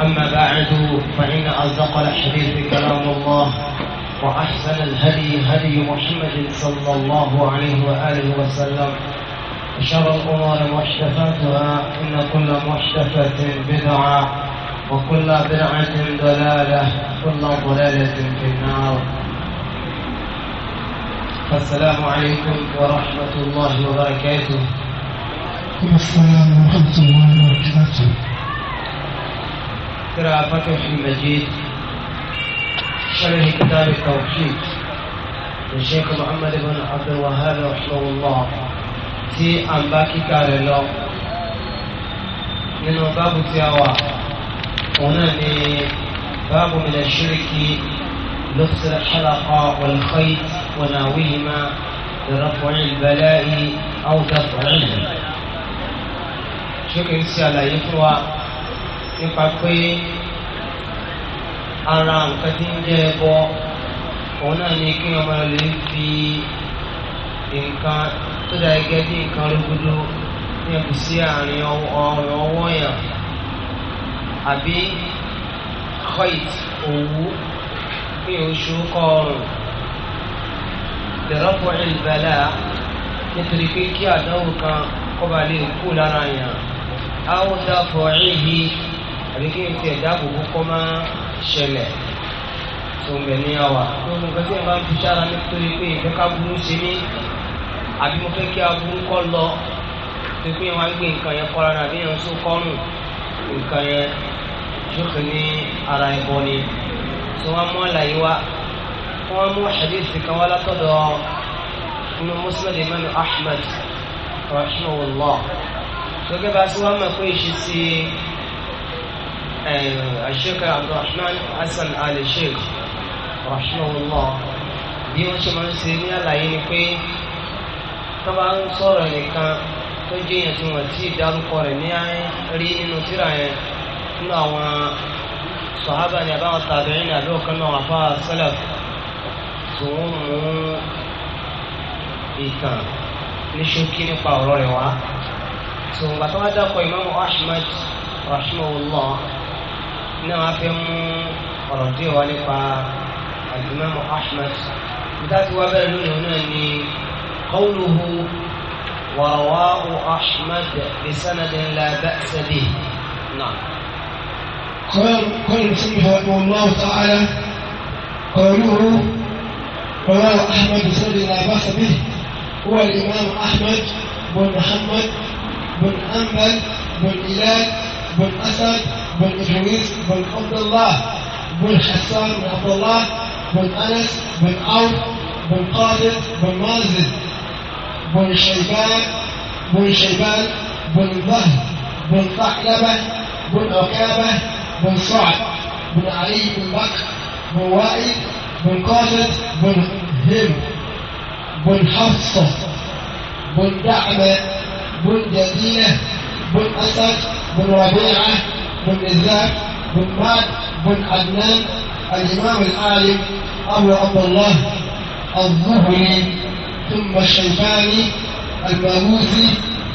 أما بعد فإن أصدق الحديث كلام الله وأحسن الهدي هدي محمد صلى الله عليه وآله وسلم وشر الأمور محدثاتها إن كل محدثة بدعة وكل بدعة ضلالة وكل ضلالة في النار فالسلام عليكم ورحمة الله وبركاته السلام ورحمة الله وبركاته تقرأ فتح المجيد شرح كتاب التوحيد للشيخ محمد بن عبد الوهاب رحمه الله tí a ń bá kíkà rẹ̀ lọ nínú báàbù tí لبس الحلقة والخيط وناويهما لرفع البلاء أو دفعه شكرا سيالا يفوى ara nǹkan tí ń jẹ́ ẹbọ òun náà ni kí ọmọ rẹ̀ fi nǹkan tó dáa gẹ́gẹ́ bí nǹkan rúgudu ní ẹ̀kú sí àárín ọrùn ọwọ́ yàn àbí kọ́ìt òwú kí oṣù kọ ọrùn ìbẹ̀lẹ̀ nítorí pé kí àdánwò kan kọ́ba lè kú lára yàn áwòdà fọ̀ ẹ̀yìn àbí kí n tiẹ̀ dáàbò bó kọ́ máa ṣẹlẹ̀ tó ń bẹ̀ ní àwà tó ń gbẹ́sẹ̀ bá ń fi sára nítorí pé ìfẹ́ ká burú sí ní àbí mo fẹ́ kí aburú kọ́ lọ tó pé wọn á gbé nǹkan yẹn kọ́ra ní àbí yẹn sún kọ́rùn nǹkan yẹn jókòó ní ara ẹ̀bọ ni tó wọn mú àlàyé wa wọn mú hadith kan wá látọ̀dọ̀ inú muslim imam ahmed rahimahullah tó gẹ́gẹ́ bá sí wọn mọ̀ pé ìṣesí. Eh, Sheikh Abdulrahman Hasan Ali Sheikh rahimahullah bí wọ́n ṣe máa ń ṣe ní àlàyé ni pé tó bá ń sọ̀rọ̀ nìkan tó jẹ́ yẹn tí wọ́n ti dárúkọ rẹ̀ ní rí nínú tírà yẹn nínú àwọn sọ̀hábà ni àbáwọn tàbíyìn ní àbí ọ̀kan náà àfa salaf tó ń mú ìtàn ní ṣókí nípa ọ̀rọ̀ rẹ̀ wá. tòun gbàtọ́ wá dákọ̀ Imam Ahmad rahimahullah. náà wá fẹ́ mú ọ̀rọ̀ díẹ̀ wá nípa Imam Ahmad ìdájọ́ wa bẹ́ẹ̀ lónìí náà ni qawluhu wa rawahu Ahmad bi sanadin la ba'sa bihi náà. قال المسلم رحمه الله تعالى قوله رواه أحمد بن لا بأس به هو الإمام أحمد بن محمد بن أنبل بن إلال بن أسد بن جميل بن عبد الله بن حسان بن عبد الله بن أنس بن عوف بن قادر بن مازن بن شيبان بن شيبان بن ظهر بن ثعلبة بن عكابة بن سعد بن علي بن بكر بن وائل بن قادر بن هم بن حفصة بن دعمة بن جدينة بن أسد بن ربيعة بن إزاك بن مات بن عدنان الإمام العالم أبو عبد الله الظهري ثم الشيباني الماوسي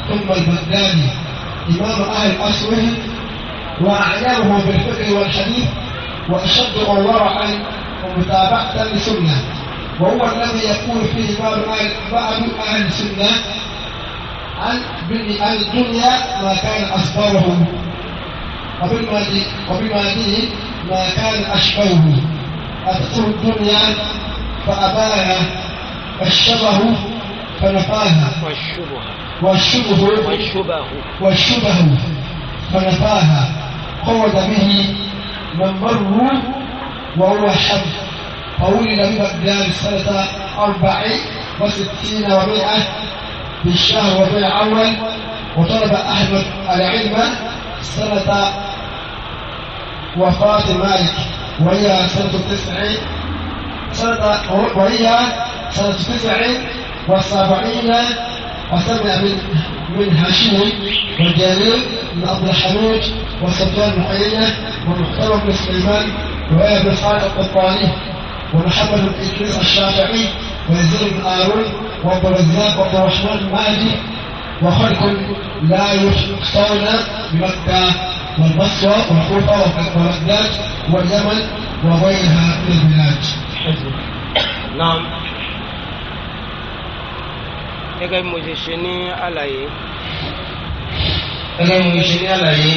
ثم البغدادي إمام أهل أصله وأعلمه بالفقه والحديث وأشد ورعا ومتابعة لسنة وهو الذي يقول فيه إمام أهل بعض أهل السنة عن الدنيا ما كان أسبابهم وبما فيه ما كان أشبهه أذكر الدنيا فأباها الشبه فنفاها والشبه والشبه والشبه والشبه فنفاها قود به من مر وهو حب فولد ببغداد سنة أربع وستين ومائة في الشهر ربيع الأول وطلب أحمد العلم سنة وفاة مالك وهي سنة تسع سنة وهي سنة تسع وسبعين وسمع من من هاشم والجليل بن عبد الحميد وسفيان بن عيينة ومحترم بن سليمان وابن بن خالد القطاني ومحمد بن ادريس الشافعي ويزيد بن هارون وعبد الرزاق وعبد الرحمن بن وخلق لا يحصون بمكة والبصرة والكوفة والبغداد واليمن وغيرها من البلاد. نعم. gẹ́gẹ́ bí mo ṣe ṣe ní àlàyé. gẹ́gẹ́ bí mo ṣe ní àlàyé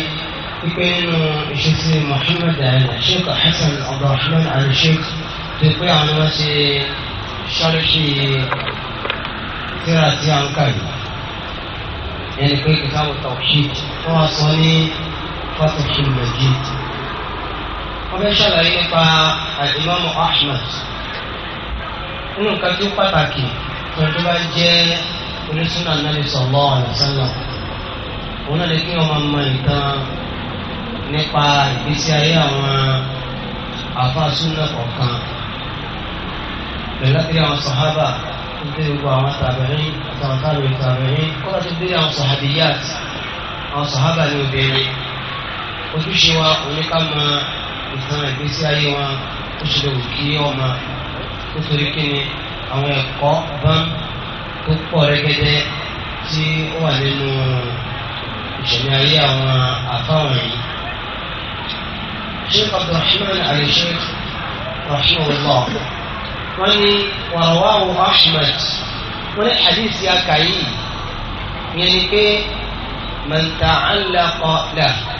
pípé nínú ìṣesí Muhammad Sheikh Hasan Abdulrahman Ali Sheikh ti pé àwọn ọmọ ṣe ṣọ́ọ́ṣì tíra tí a ń kà yìí. yẹn ni pé kìkà wọ́n tọ̀ ṣí wọ́n wá sọ ní. fatahul majid wọ́n fẹ́ ṣàlàyé nípa àdìmọ́mù ahmed nínú nǹkan tó pàtàkì tó tó bá jẹ́ onísùnà nàbì sallallahu alaihi wasallam òun náà lè kí wọn máa mọ ìtàn nípa ìgbésí ayé àwọn àfáàsúnà kọ̀ọ̀kan pẹ̀lẹ́tìrì àwọn sàhábà tó dé gbogbo àwọn tàbẹ̀rín àtàwọn tàbẹ̀rín kọ́lá tó dé àwọn sàhábìyàt àwọn sàhábà ní obìnrin ojúṣe wa oníká mọ ìtàn ìgbésí ayé wa ó ṣe lè wù kí ọmọ nítorí kí ni àwọn ẹ̀kọ́ bán tó pọ̀ rẹ́gẹ́dẹ́ tí ó wà nínú ìṣẹ̀lẹ̀ ayé àwọn àfáwọn yìí. sheikh abdulrahman ali sheikh rahimahullah wọ́n ní wàhálà ahmed wọ́n ní hadith ya kàyí yẹn ni pé man ta'allaqa lahu.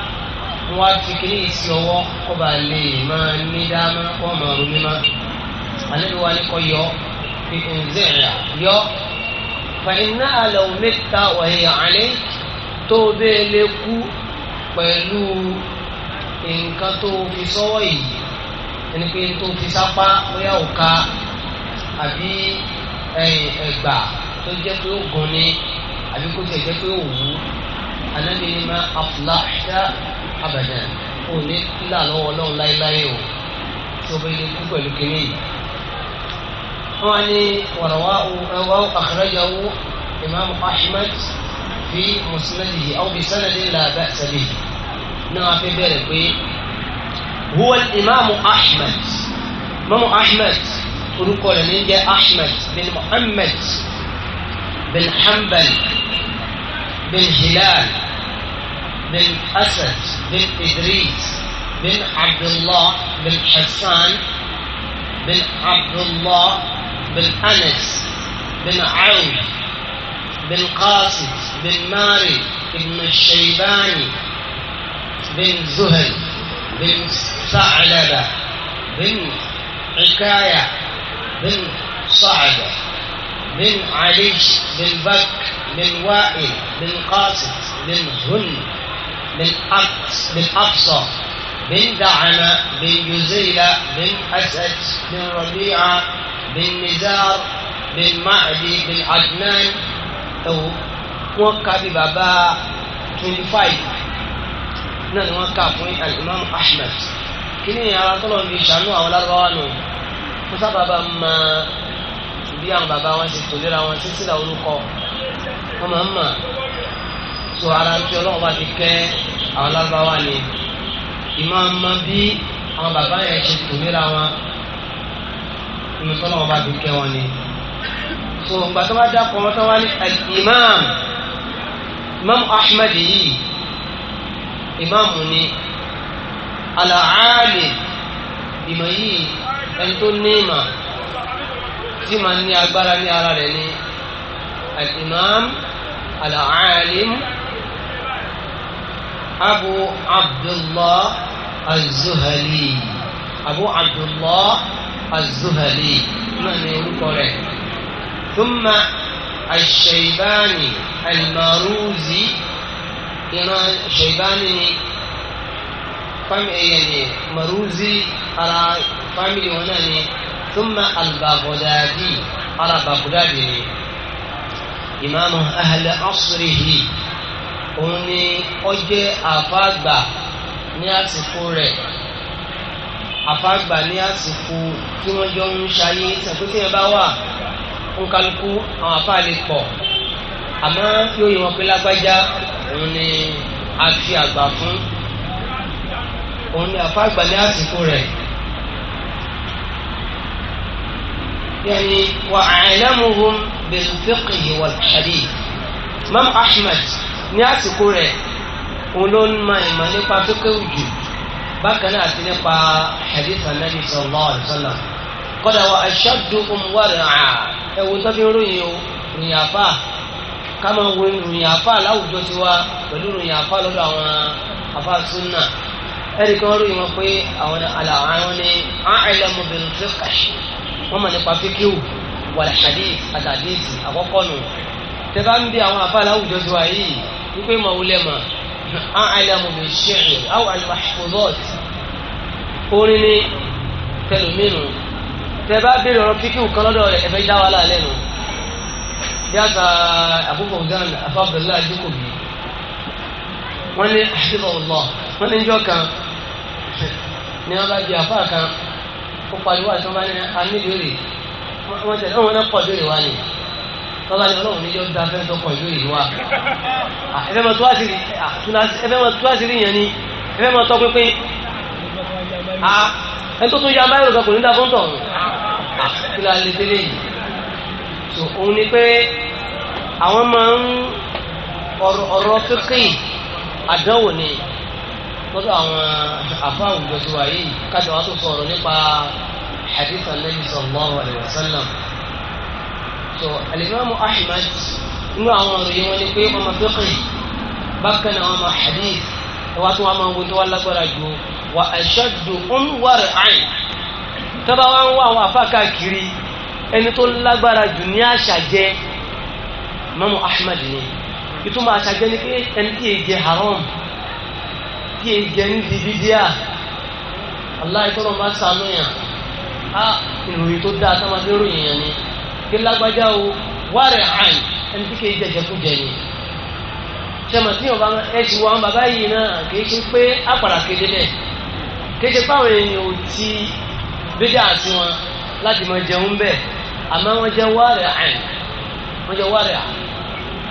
wọ́n á fi kiri ìsì ọwọ́ kó ba lè máa ní dáná kó máa ronú má alẹ́ wa ni kò yọ fi ǹzẹ́ rà yọ fa iná àlọ́ mẹ́ta wàyẹ̀ alẹ́ tó bẹ́ẹ̀ lè kú pẹ̀lú nǹkan tó fi sọ́wọ́ yìí ẹni pé tó fi sápá bóyá òka àbí ẹ̀gbà tó jẹ́ pé ó gan ni àbí kó tiẹ̀ jẹ́ pé ó wù ú anábìyẹn afúláṣá abadan ò ní lànà ọlọ́run láéláé o tó bá yẹ kú pẹ̀lú kínní yìí. wọ́n ní wàràwá ọ̀rọ̀ àkàràyàwó imam ahmed fi musnadihi aw bi sanadin la ba'sa bihi náà wàá fi bẹ̀rẹ̀ pé huwa imam ahmed imam ahmed orúkọ rẹ̀ ní jẹ́ ahmed bin muhammed bin hanbal bin hilal. بن أسد بن إدريس بن عبد الله بن حسان بن عبد الله بن أنس بن عون بن قاسم بن ماري بن الشيباني بن زهل بن ثعلبة بن حكاية بن صعدة بن علي بن بكر بن وائل بن قاسم بن هند بن أقصى بن أقصى بن دعمة بن جزيلة بن أسد بن ربيعة بن نزار بن معدي بن عدنان أو وكا بابا 25 نحن وكا فوين الإمام أحمد kíní ara tó lọ fi ṣàánú àwọn lárúbáwá nù kó sábà bá ma bí àwọn bàbá wọn ṣe tòlera wọn títí ra orúkọ wọn máa ń mà so ara tí ọlọ́run bá ti kẹ́ àwọn lágbáwá ni ìmọ̀ọ́mọ́ bí àwọn bàbá yẹn ṣe tò níra wọn inú tọ́lọ́run bá ti kẹ́ wọn ni so ìgbà tó bá dákọ̀ wọn tó wá ní imam imam ahmed yìí imam ni alaali ìmọ̀ yìí ẹni tó ní ìmọ̀ tí màá ní agbára ní ara rẹ̀ ni imam al abu abdullah az-zuhali abu abdullah az-zuhali náà ní orúkọ rẹ̀ thumma ash-shaybani al-maruzi ìran shaybani ni fámìlì ẹ̀yẹ ni maruzi ara fámìlì wọn náà ni thumma al-baghdadi ara baghdadi ni imaamu ahli asrihi òun ni ó jẹ́ àfáàgbà ní àsìkò rẹ̀ àfáàgbà ní àsìkò tí wọ́n jọ ń ṣayé ṣàpètì yẹn bá wà ń kálukú àwọn àfáà lè pọ̀ àmọ́ yóò yẹ wọn pé lágbájá òun ni a fi àgbà fún òun ni àfáàgbà ní àsìkò rẹ̀. يعني وأعلمهم بالفقه والحديث إمام أحمد ní àsìkò rẹ̀ òun ló ń mọ ìmọ̀ nípa tó kéwù jù bákan náà àti nípa hadith anabi sallallahu alaihi wasallam kọ́dà wa aṣáájú òmùwárẹ̀ à ẹ̀wù tó ròyìn o ròyìn àfà wo ròyìn àfà láwùjọ tiwa pẹ̀lú ròyìn àfà lọ́dọ̀ àwọn àfà súnà ẹ̀rí kan ròyìn wọn pé àwọn àwọn ni àìlẹ́mú bil fiqh wọ́n mọ̀ nípa fíkíwù wal wípé màwúlẹ́mà á àìlẹ́mù lè ṣe ẹ̀ áwọ̀ àlùmọ̀ṣọ́bọ̀t orin ni tẹlumínu tẹ bá béèrè ọ̀rọ̀ fíkìwù kan lọ́dọ̀ ẹ̀fẹ́ dá wa láàlẹ́ nu bí a ta àbúkọ̀ gan afábẹ́lá àdínkù bí wọ́n ní àṣìbọ̀lọ́ wọ́n ní ìjọ kan ni wọ́n bá di àfá kan ó pariwo àti wọ́n bá ní amílíọ̀rì wọ́n tẹ̀lé wọn náà pọ̀ lórí wa ni tọ́lá ni ọlọ́run níjọ́ da fẹ́ tọkọ̀ ìlú ìlú wa ẹfẹ́ mọ túwásìrì yẹn ni ẹfẹ́ mọ tọ́ pínpín ẹni tó tún ya báyìí lọ́kọ̀ nígbà fún tọ̀hún kí la lè délé yìí so òun ni pé àwọn máa ń ọ̀rọ̀ kékeré àdánwò ni lọ́dọ̀ àwọn afá àwùjọ tiwa yìí kájọ wa tó sọ̀rọ̀ nípa hadith anabi sallallahu alayhi wa sallam tó alimami ahmed inú àwọn òròyìn wọn ni pé ọmọ fíkì bákan náà ọmọ hadith ẹwà tó wà máa ń wo tó wà lágbára ju wà ashaddu ń wàrẹ àyìn tọ́ba wa ń wá àwọn afa káàkiri ẹni tó lágbára jù ní àṣà jẹ ahmed ni ìtumọ̀ àṣà ni pé ẹni tí èyí haram tí èyí jẹ ní bíbíà aláìtọ́rọ̀ máa sànú yàn á ìròyìn tó dáa tá ròyìn yàn ni pé lágbájá o wárẹ̀ àn ẹni tí kìí jẹjẹkújẹ ni sẹ́mọ̀ tí ọba ẹ ti wọ àwọn bàbá yìí náà kìí ṣe pé àpàrà kéde bẹ́ẹ̀ kìí ṣe pé àwọn èèyàn ò ti bídà sí wọn láti mọ jẹun bẹ́ẹ̀ àmọ́ wọ́n jẹ́ wárẹ̀ àn wọ́n jẹ́ wárẹ̀ àn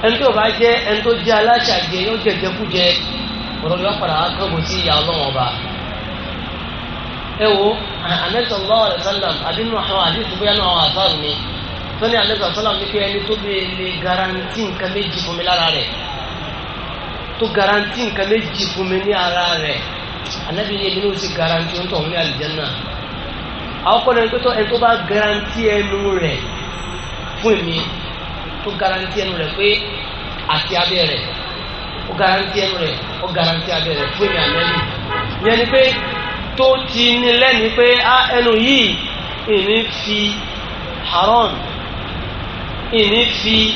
ẹni tí ọba jẹ́ ẹni tó jẹ́ aláṣà jẹ yóò jẹjẹkújẹ ọ̀rọ̀ yóò padà wá kángun sí ìyá ọlọ́wọ́n ọba ẹ wo anẹ́tọ̀ lọ́wọ́ àdìsí bóyá náà àwọn àfáàrù ni tó ní alẹ́ sọ̀tọ́lá ní pé ẹni tó lè lè garanti nǹkan méjì fún mi lára rẹ̀ tó garanti nǹkan méjì fún mi ní ara rẹ̀ anabi ní ebi ní o ti garanti o ń tọ̀ ní alìjẹ́nà àwọn kọ́ni ẹni tó ẹni tó bá garanti ẹnu rẹ̀ fún mi tó garanti ẹnu rẹ̀ pé àti abẹ́ rẹ̀ ó garanti ẹnu rẹ̀ ó garanti abẹ́ rẹ̀ fún mi anabi yẹn ni pé tó ti ní lẹ́ni pé ah, ẹnu yìí ìní fi haram ìní fi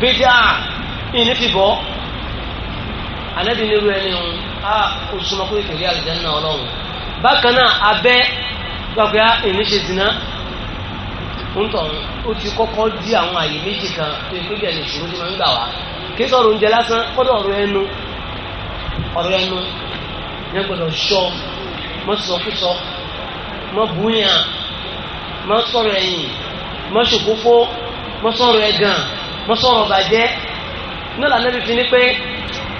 bídà ìní fi bọ́ anabi nílùú ẹni ń a oṣùmọ́ pé kẹ̀lé àlùjáná ọlọ́run bákan náà abẹ́ gbàgbé ìní ṣe dìná ntọ̀n ó ti kọ́kọ́ di àwọn àyè méjì kan tó ikú bíi ẹni ìṣòro tó máa ń gbà wá kí sọ̀rọ̀ oúnjẹ lásán kọ́dọ̀ ọ̀rọ̀ ẹnu ọ̀rọ̀ ẹnu yẹn gbọ́dọ̀ sọ mọ́ sọkúsọ mọ́ búyàn mọ́ sọ̀rọ̀ ẹ̀yìn mọ́ ṣòkófó mo sọ̀rọ̀ ẹ̀gàn mo sọ̀rọ̀ bàjẹ́ náà lànà bí fi ní pé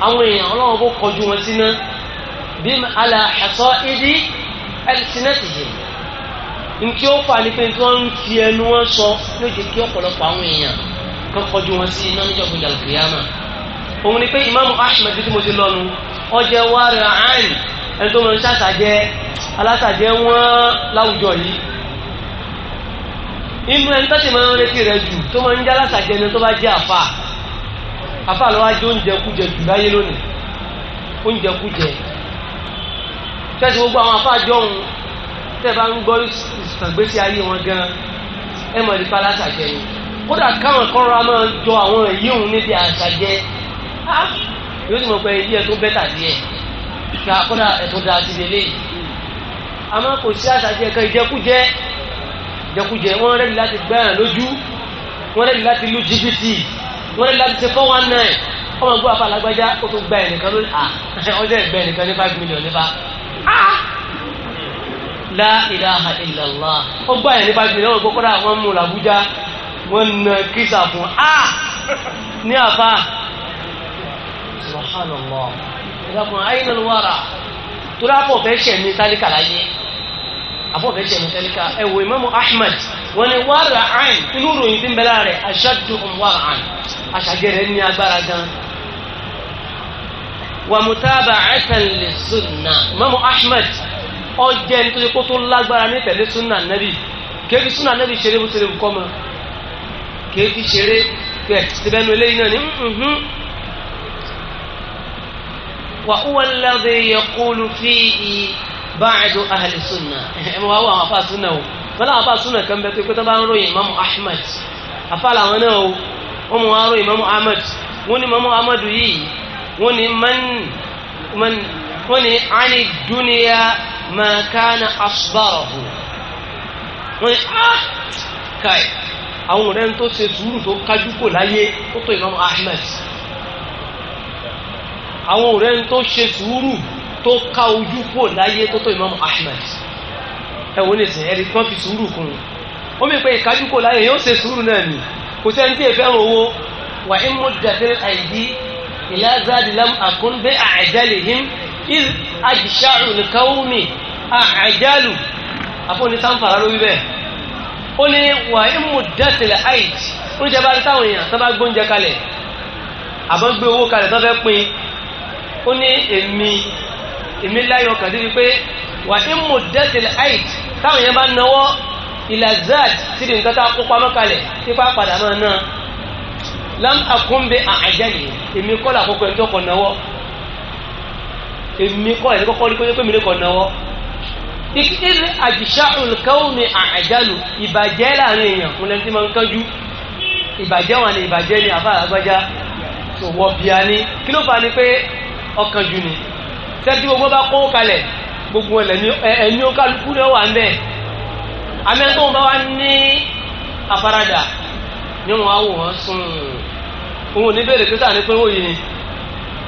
àwọn èèyàn ọlọ́run kò kọjú wọn síná bí ala ẹ̀sọ́ ìdí ẹ̀sìnẹ́tìjì ní tí ó fà ní pé tí wọ́n ń fi ẹnu wọn sọ ló jẹ́ kí ọ̀pọ̀lọpọ̀ àwọn èèyàn kan kọjú wọn sí iná níjọ́ gbọdọ̀ kìyàmà òun ni pé imaamu ahmed bí mo ti lọ́nu ọjẹ́ wàrà áìn ẹni tó mọ̀ ń ṣàṣàjẹ́ alásàjẹ́ wọn láwùjọ yìí inú ẹni tó ti máa ń retí rẹ jù tó máa ń já lásàjẹ ni tó bá jẹ àfà àfà lọ́wọ́ ajé oúnjẹ kújẹ jù láyé lónìí oúnjẹ kújẹ ṣẹ́ṣin gbogbo àwọn àfà jọ̀hún tẹ́ bá ń gbọ́ ìsàgbésí ayé wọn gan ẹ mọ̀ nípa lásàjẹ ni kódà káwọn kan ra máa jọ àwọn èyí òun níbi àṣàjẹ yóò ti mọ̀ pé ilé ẹ̀ tó bẹ́tà díẹ̀ kódà ẹ̀ tó dáa ti lélẹ́yìí àmọ́ kò sí àṣàjẹ kan ìjẹkújẹ jẹkújẹ wọ́n rẹ́ni láti gbẹ́ràn lójú wọ́n rẹ́ni láti lu jìbìtì wọ́n rẹ́ni láti ṣe four one nine ọmọ ìgbọ́ afa alágbájá ó tún gba ẹnìkan lórí à ọjọ́ ìgbà ẹnìkan ní five million nípa ah! la ilaha illallah ó gbà ẹ̀ ní five million wọ́n gbọ́kọ́dá wọ́n mú làbújá wọ́n na kírísà fún ah! a ní àfa subhanallah ìdákùnrin ayélujára tó dápọ̀ fẹ́ ṣẹ̀ ní sálíkà láyé àbọ̀fẹ́ jẹ́ mọ̀tẹ́líkà ẹ̀wọ̀ Imamu Ahmad wọ́n ní wàrà àìn inú ròyìn tí ń bẹ̀lá rẹ̀ aṣáájú um wàrà àìn aṣàgẹ̀rẹ̀ ní agbára gan. wà mùtábà ẹ̀sẹ̀ lè sunna Imamu Ahmad ọjẹ́ nítorí kó tó lágbára ní tẹ̀lé sunna nabi kéèkì sunna nabi báàdù ahàlì súnà ẹ mọ wá wọ àwọn afa súnà o wọn làwọn afa súnà kan bẹ tó pé tó bá ń ròyìn imamu ahmed afa làwọn náà o wọn mọ wọn ròyìn imamu ahmed wọn ni imamu ahmed yìí wọn ni man man wọn ni ani dúnìyà ni ah àwọn ọ̀rẹ́ tó ṣe sùúrù tó kájú kò láyé tó tó imamu ahmed àwọn ọ̀rẹ́ tó ṣe sùúrù tó ká ojú kò láyé tó tó Imam Ahmed ẹ̀wọ̀n nìsín ẹ̀rí kan fi sùúrù kún un ó mi pé ìkájú kò láyé yóò ṣe sùúrù náà ni kò sẹ́ni tí èfẹ́ owó wà ń mú dàbí àìdí ìlà zadilam àkúndé àjálè him il àjìṣàrù nìkan mi àjálù àfọ̀nì sáǹfàrà ló bẹ́ẹ̀ ó ní wà ń mú àìdí oúnjẹ bá rí táwọn èèyàn tó bá gbóúnjẹ kalẹ̀ àbọ̀ gbé owó kalẹ̀ tó fẹ́ pín ó ní èmi èmi láyọ̀ kàdé wípé wà ní mọ̀dẹ́tìlẹ̀ àìt táwọn yẹn bá náwọ́ ìlàzad tí di nǹkan tá a kó pamọ́ kalẹ̀ ipa padà máa ná lam akunbe àjẹlì èmi kọ́ là kókó ẹjọ́ kọ̀ náwọ́ èmi kọ́ ẹ̀ kọ́kọ́ rí pé mi lè kọ̀ náwọ́ ìkíkiri àjìṣà olùkọ́wọ́mi àjálù ni ìbàjẹ́ ni àfáà àgbájá tó wọ́ bíi a ní kí ló fà á pé ọkàn ni tẹ́tí gbogbo bá kó kalẹ̀ gbogbo ẹ̀mí kálukú náà wà ń bẹ̀ amẹ́tọ́ bá wá ní afárádà ní wọn á wò wọn sùn òun ò ní bèrè pé sáà ní pínwó yìí ni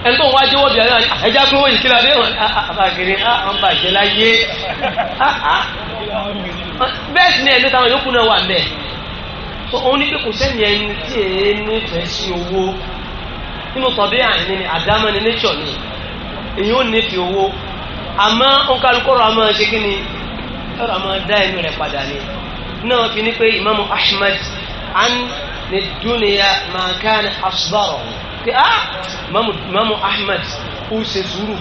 ẹni tó ń wá jẹ́wọ́ bí ah, ẹja pínwó yìí kí la dé wọn ah, ah, àbàgìrì àwọn bàjẹ́ láyé bẹ́ẹ̀ sì ni ẹ̀mí táwọn yòókù náà wà ń òun ní pé kò sẹ́ni ẹni tí èé nífẹ̀ẹ́ sí owó nínú tọ́bí àìní ni àdámọ́ ni nature ni èyí ò ní fi owó àmọ́ òǹkàlùkọ́rọ̀ àmọ́ ṣe kí ni ọ̀rọ̀ àmọ́ dá ẹnu rẹ̀ padà ni náà fi ní pé Imam Ahmad an ní dúnìyà máa ká ní asbára pé á ah, Imam Ahmad ó ṣe sùúrù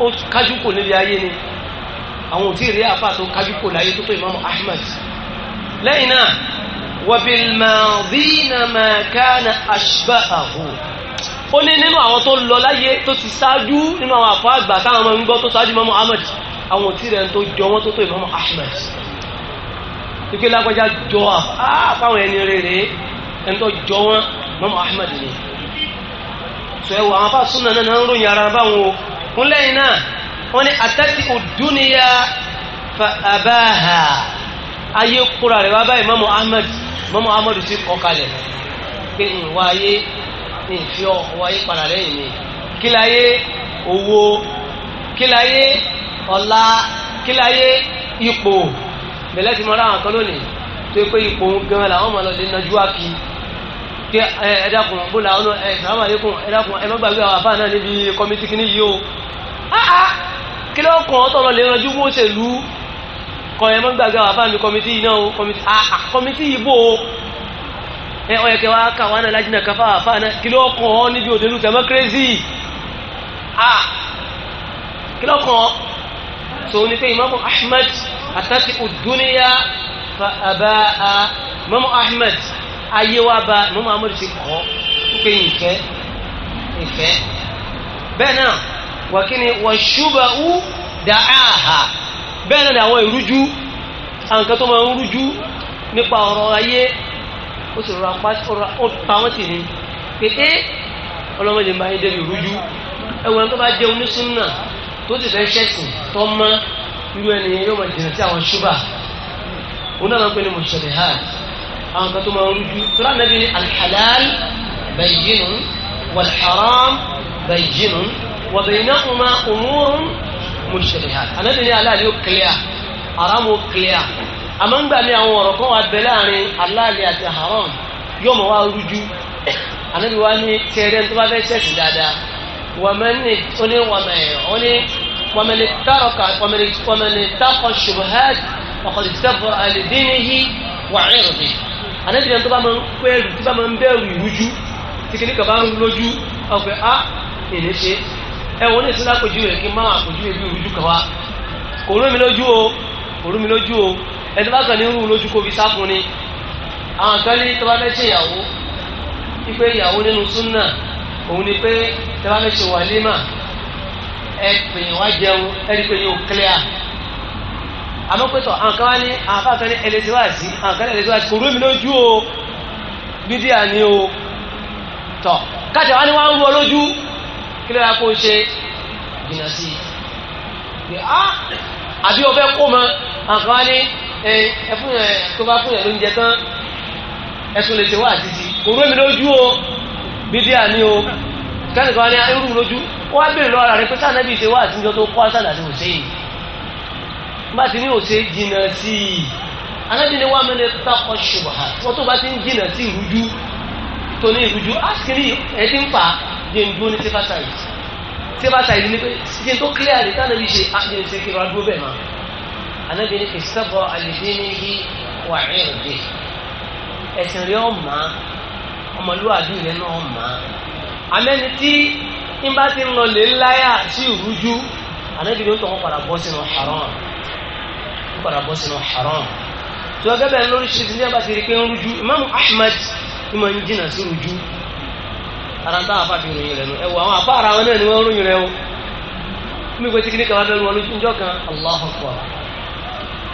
ó kájú kò níbi ayé ni àwọn ò tí ì rí àfa tó kájú kò láyé tó pé Imam Ahmad lẹ́yìn náà wàbìlmàdínà máa ká ní asbára ó lé nínú àwọn tó lọ láyé tó ti ṣáájú nínú àwọn àfọ àgbà táwọn ọmọ ń gbọ́ tó ṣáájú mọ́mọ́ ahmed àwọn òtí rẹ̀ tó jọ wọ́n tó tó ìmọ̀mọ́ ahmed ike lágbájá jọ àpáwọn ẹni rere ẹni tó jọ wọ́n mọ́mọ́ ahmed ni sọ ẹwọ àwọn afá súnà náà ń ròyìn ara báwọn o fún lẹ́yìn náà wọ́n ní àtẹ́tì òdúnìyà fa ayé kúra rẹ̀ wá báyìí mọ́mọ́ ahmed mọ́mọ́ ahmed ti kọ́ pé ìwà ayé ìfi ọwọ́ ayé padà lẹ́yìn mi kíláyé owó kíláyé ọlá kíláyé ipò bẹ̀lẹ́ ti mọ ara àwọn kan lónìí tó pé ipò gan làwọn máa lọ lè nájú àkì kí ẹ dákun bóla ọ̀nà ẹ sàmà lẹ́kùn ẹ dákun ẹ má àwọn àbá níbi kọ́mítì kìíní yìí o kí ló kàn ọ́ tọ̀rọ̀ lè nájú bó ṣèlú kọ́ ẹ má àwọn àbá mi kọ́mítì yìí náà o kọ́mítì yìí bò ó ẹ ọ yẹ kẹ wàá kà wọn náà lájìnà káfà àfà náà kí ló kàn ọ níbi òdòdó democracy a kí ló kàn ọ tó ní pé Imam Ahmad àtàkì òdúnìyà fa àbá a Imam Ahmad ayé wa ba Imam Ahmad ti kọ́ ó pé ìfẹ́ ìfẹ́ bẹ́ẹ̀ náà wà kí ni wà ṣúbà ú dàáhà bẹ́ẹ̀ náà ni àwọn ìrújú àǹkan tó máa ń rújú nípa ọ̀rọ̀ ayé ó sì rọra pa wọ́n tì ní pé é ọlọ́mọdé máa ń dé ìrújú ẹwọ́n tó bá jẹun ní súnà tó sì fẹ́ ṣẹ̀sìn tó mọ́ irú ẹni yóò máa jìnnà sí àwọn ṣúbà òun náà máa ń pè ní mùsùlùmí ha àwọn kan tó máa ń rújú tó rà nàbí alhalal bayyinun walharam bayyinun wa baynahuma umurun mùsùlùmí ha ànábìnrin aláàlú clear aramu clear àmọ́ ń gbà ní àwọn ọ̀rọ̀ kan wà bẹ láàrin aláàlẹ́ àti haram yóò mọ̀ wá rújú ànábi wá ní tẹ̀rẹ́ tó bá fẹ́ ṣẹ̀sìn dáadáa wàmẹ́ni oní wàmẹ́ oní wàmẹ́ni tárọ̀kà wàmẹ́ni tákọ̀ ṣubuhat ọ̀kọ̀lì sẹ́fọ̀ àlìdínìhì wà ẹ̀rọ̀bì tó bá máa ń pẹ́rù tó bá máa ń bẹ̀rù ìrújú tí kìíní kàbá ń lójú ọ̀pẹ́ á ìní ṣe ẹ̀wọ̀n ní ìsinmi àpèjúwe kí máa àpèjúwe bí ìrújú kàwá kò rú mi lójú o kò rú mi lójú o ẹni bá kàn ní rú lójú kò fi sáfún ni àwọn kan ní tọ́ba fẹ́ ṣe ìyàwó wípé ìyàwó nínú súnà òun ni pé tọ́ba fẹ́ ṣe wàlímà ẹ pè wá jẹun ẹ rí pé yóò clear àmọ́ pẹ́tọ̀ àwọn kan wá ní àfa kan ní ẹlẹ́sìwáàsì àwọn kan ní ẹlẹ́sìwáàsì kò rómi lójú o bídíà ni o tọ̀ kájà wá ní wá ń rú ọ lójú kí ló yà kó ṣe jìnnà sí i àbí o fẹ́ kó mọ àwọn kan wá ní ẹ fún ẹ tó bá fún ẹ lóúnjẹ tán ẹsùn lè ṣe wá àtìsí òru èmi lójú o bíbí àní o kẹ́nìkan ní irú mi lójú wọ́n á bèrè lọ́wọ́ ara rẹ pé sànẹ́bí ṣe wá àtìjọ tó kọ́ àtàlà àti hùsẹ́yìn bá ti ní òṣè jìnnà sí i anábì ni wàá mẹ́lẹ̀ takọ̀ ṣùgbọ́n wọ́n tó bá ti ń jìnnà sí ìrújú tó ní ìrújú àṣírí ẹ ti ń fà jẹ́ ń dúró ní sébàtà yìí sébàtà yìí ni pé ṣe tó clear àdìtánà yìí ṣe àjẹ́ ìṣèkèrò anabi ní ìṣẹ́bọ̀ àlùdínihi wà ẹ̀rọ̀dẹ̀ ẹ̀sìn rẹ̀ ọ̀mà ọmọlúwàbí rẹ̀ náà ọ̀mà amẹ́ni tí ń bá ti ń lọ lè láyà sí ìrújú anabi ní ó tọ̀wọ́ padà bọ́ sínú haram ó padà bọ́ sínú haram tí wọ́n gẹ́gẹ́ lórí ṣíṣe ní abàtì rí pé ń rújú imaamu ahmed ni mo ń jìnnà sí rújú ara ń táwọn afáàfin ròyìn rẹ̀ nù ẹ̀wọ̀ àwọn àbá ara wọn náà ni wọ́n ròyìn rẹ̀ o mi kò tí kìnnìkan wá fẹ́ wọn lójú ọjọ́ kan Allahu akbar.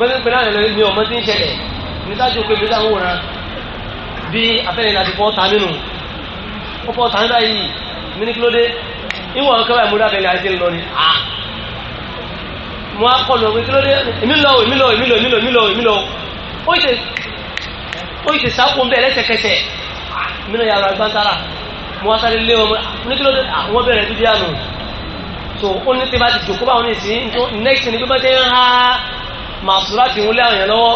bẹ́ẹ̀ pẹ̀lú àwọn ẹlẹ́ni ọmọ tí ń ṣẹlẹ̀ nítajú pé bí táwọn wòran bí afẹ́rẹ́ láti fọ́ ta nínú ó fọ́ ta nígbà yìí mí ní kí ló dé ìwọ̀n kẹwàá ìmúdá bẹ̀rẹ̀ àti ń ni à mo á kọlu ọ̀gbìn kí ló dé èmi lọ èmi lọ èmi lọ èmi lọ èmi lọ èmi lọ ó ìṣe ó ìṣe sákòó bẹ́ẹ̀ lẹ́sẹ̀kẹsẹ̀ mí náà yàrá gbáńtara mo wá sáré lé ọmọ ní kí ló dé àwọn bẹ̀rẹ̀ dídí àná so ó ní tí bá ti jòkó báwọn ní ìsín next ni pé bá màṣúrà tí wọ́n lé àwọn yẹn lọ́wọ́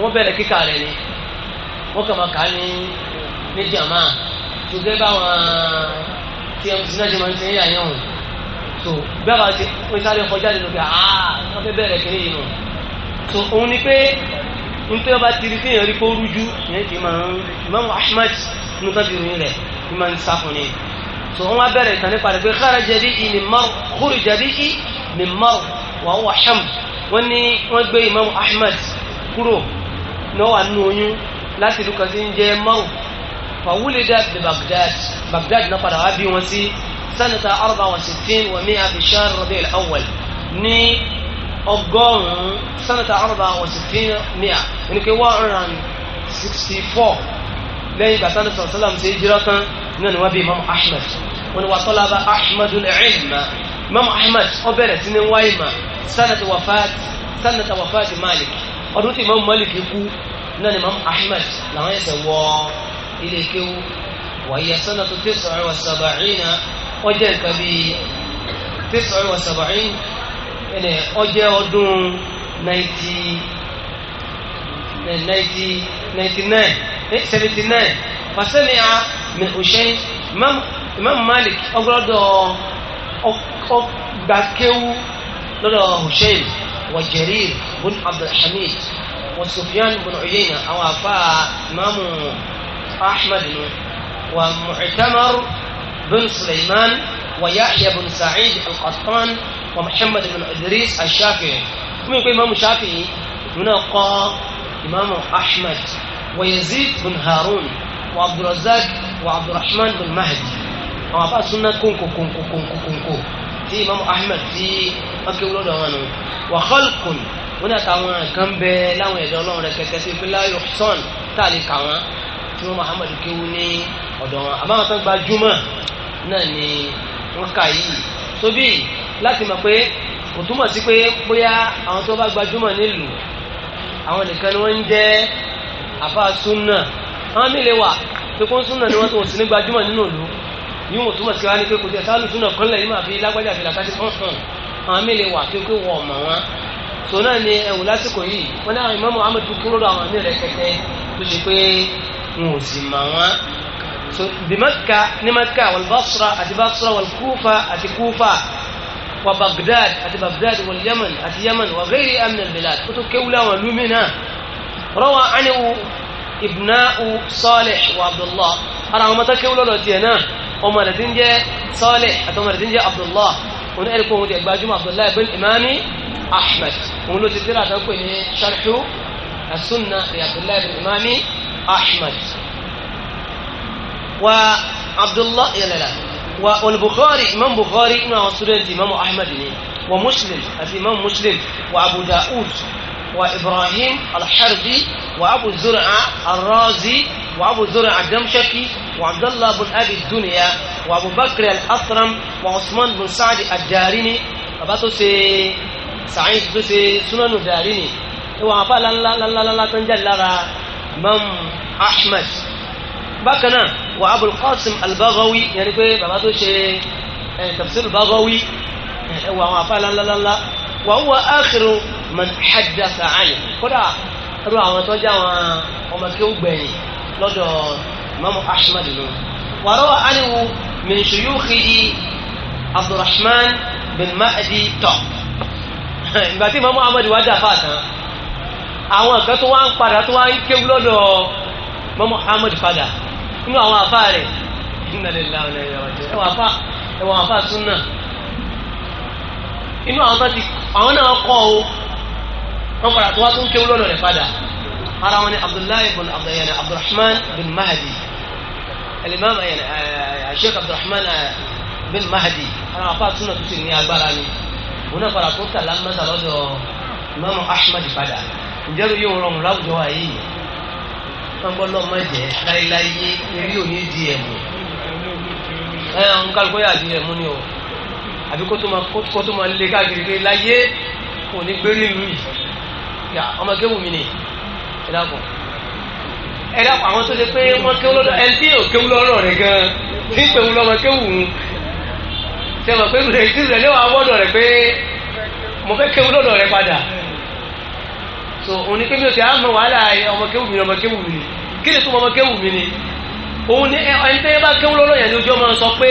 wọ́n bẹ̀rẹ̀ kíkà rẹ̀ ni wọ́n kàn máa kà á ní ní jàmá tó gẹ́ bá wọn tí ẹ̀mú sí náà ṣe máa ń ṣe yíyà yẹn hàn tó bẹ́ẹ̀ bá ti pín sáré kọjá nínú pé àá wọ́n fẹ́ bẹ̀rẹ̀ kiri yìí nù tó òun ni pé nítorí ọba ti di téèyàn rí kó rújú yẹn ti máa ń Imam Ahmad nínú ti rìn rẹ̀ ní máa ń sáfúnni tó wọn bẹ̀rẹ̀ ìtàn nípa rẹ̀ pé kára jẹ̀bi ìnìmọ́ wọ́n ní wọ́n gbé imam ahmed kúrò náà wà nínú oyún láti ìlú kan tí ń jẹ́ mau fàwúlẹ̀dà de baghdad baghdad náà padà wá bí wọn sí sanata arba wa sittin wa mi abishar rabi al ní ọgọ́rùn-ún sanata arba wa sittin mi'a ẹni pé one hundred and sixty four lẹ́yìn bàtà ní sọ̀rọ̀ sálàm sí ìjírá náà ni wọ́n bí imam ahmed wọn ni wà tọ́lá bá ahmed al-ilm imam ahmed ó bẹ̀rẹ̀ sí ní wáyé ma sanata wafat sanata wafat malik ọdún tí imam malik kú náà ni imam ahmed làwọn ẹsẹ̀ wọ ilé kéwú wàyí sanata tis'a wa sab'ina ọjọ́ nǹkan bíi tis'a wa sab'in ẹnì ọjọ́ ọdún ninety ninety ninety nine eh, seventy nine fasẹ́mi a mi ò ṣe imam malik ọgbọ́dọ̀ ọgbà kéwú lọ́dọ̀ hussein wa jarir bin abdulhamid wa sufyan bin uyayna àwọn afa imaamu ahmed nu wa mu'tamar bin suleiman wa yahya bin sa'id al-qattan wa muhammad bin idris al-shafi'i kúmi pé imaamu shafi'i nínú kọ́ imaamu ahmed wa yazid bin harun wa abdulrazak wa abdulrahman bin mahdi àwọn afa súnmọ́ kónkónkónkónkónkó tí imaamu ahmed tí wọ́n kéwú lọ́dọ̀ wọn nù wà khalqun wọn náà táwọn kan bẹ láwọn ẹ̀dọ́ ọlọ́run rẹ kẹkẹ sí pé láyọ̀ sọ́ọ̀n tá a lè kà wọ́n tí wọ́n muhammed kéwú ní ọ̀dọ̀ wọn àmọ́ àwọn tó ń gba júmọ̀ náà ni wọ́n kà yìí tóbi láti mọ̀ pé kò túmọ̀ sí pé bóyá àwọn tó bá gbajúmọ̀ nílùú àwọn nìkan ni wọ́n ń jẹ́ àfa súnà àwọn mi lè wà pé kó súnà ni wọ́n tó ń sin gbajúmọ̀ nínú ìlú ní wọn túmọ̀ sí wa ní pé kò jẹ́ sáàlù súnà kan lẹ́yìn máa fi lágbájá fi làkàtì fún hàn àwọn míì lè wà pé pé wọ́n mọ̀ wọn. tó náà ni ẹ̀wù lásìkò yìí wọ́n ní àwọn ìmáàmù Ahmad kí ló lọ àwọn àmì rẹ̀ kẹ́kẹ́ tó ṣe pé wọn ò sì mọ̀ wọn. so bí Makka ní Makka wal Basra àti Basra wal Kufa àti Kufa wa Baghdad àti Baghdad wal Yaman àti Yaman wa ghayriha min bilad kó tó kéwú láwọn lúmínà rọwà àwọn mọ́tàkéwú lọ́dọ̀ tiẹ̀ náà ọmọ rẹ̀ tí ń jẹ́ Salih àti ọmọ rẹ̀ tí ń jẹ́ Abdullah òun ẹ̀rí kóhun ti gbajúmọ̀ Abdullah ibn Imami Ahmad òun ló ti tẹ́lẹ̀ àtàkùn ní sharhu as-sunnah ní Abdullah ibn Imami Ahmad wa Abdullah yẹlẹ̀lá wa al-Bukhari imam Bukhari inú àwọn student imam Ahmad ni wa Muslim àti imam Muslim wa Abu Dawud وابراهيم الحربي وابو زرعه الرازي وابو زرعه الدمشقي وعبد الله بن ابي الدنيا وابو بكر الاصرم وعثمان بن سعد الداريني اباتو سي سعيد بن سنن الداريني هو لا لا لا لا لا تنجل مم احمد بكنا وابو القاسم البغوي يعني كي باباتو سي تفسير البغوي هو لا لا لا لا wa huwa akhiru man haddatha anhu kódà ẹrú àwọn tó jẹ́ àwọn ọmọ kí ó gbẹ̀yìn lọ́dọ̀ mamu ahmad nù wa rawa anhu min shuyukhihi abdulrahman bin mahdi tọ́ ìgbà tí mamu ahmad wá dàfà tán àwọn kan tó wá ń padà tó wá ń kéwú lọ́dọ̀ mamu ahmad padà nínú àwọn àfáà ìdúnnàlélá ọ̀nà ìyàwó ẹ̀wọ̀n àfáà súnà inú àwọn tó ti àwọn náà kọ́ o wọ́n padà tó wá tó ń kéwú lọ́dọ̀ rẹ̀ padà ara wọn ni abdullahi bin abdulhayyan abdulrahman bin mahdi alimami eh, eh, sheikh abdulrahman eh, bin mahdi ara wọn apá túnà tuntun ní agbára ni wọn náà padà tó ń tàlá mẹ́ta lọ́dọ̀ imam ahmed padà ǹjẹ́ ló yóò rọrùn láwùjọ wa yìí wọ́n gbọ́ lọ́ọ́ má jẹ́ láéláé eré òní di ẹ̀mú ẹ̀ ń kálukọ́ yà di ẹ̀mú ni o àbí kó tó máa kó tó máa lé káàkiri pé láyé kò ní gbérí ìlú yìí yà ọmọ kéwù mi ni ẹ dákun ẹ dákun àwọn tó ṣe pé wọn kéwù lọ́dọ̀ ẹ tí yóò kéwù lọ́rọ̀ rẹ gan tí ń pèwù lọmọ kéwù ń ṣe mọ pé rẹ tí rẹ léwà wọdọ rẹ pé mo fẹ́ kéwù lọ́dọ̀ rẹ padà so òun ni pé mi ò ti àmọ́ wàhálà ọmọ kéwù mi ni ọmọ kéwù mi ni kí ni tó ọmọ kéwù mi ni òun ni ẹni tẹ́yẹ bá kéwù lọ́rọ̀ yẹn ni ojú ọmọ sọ pé.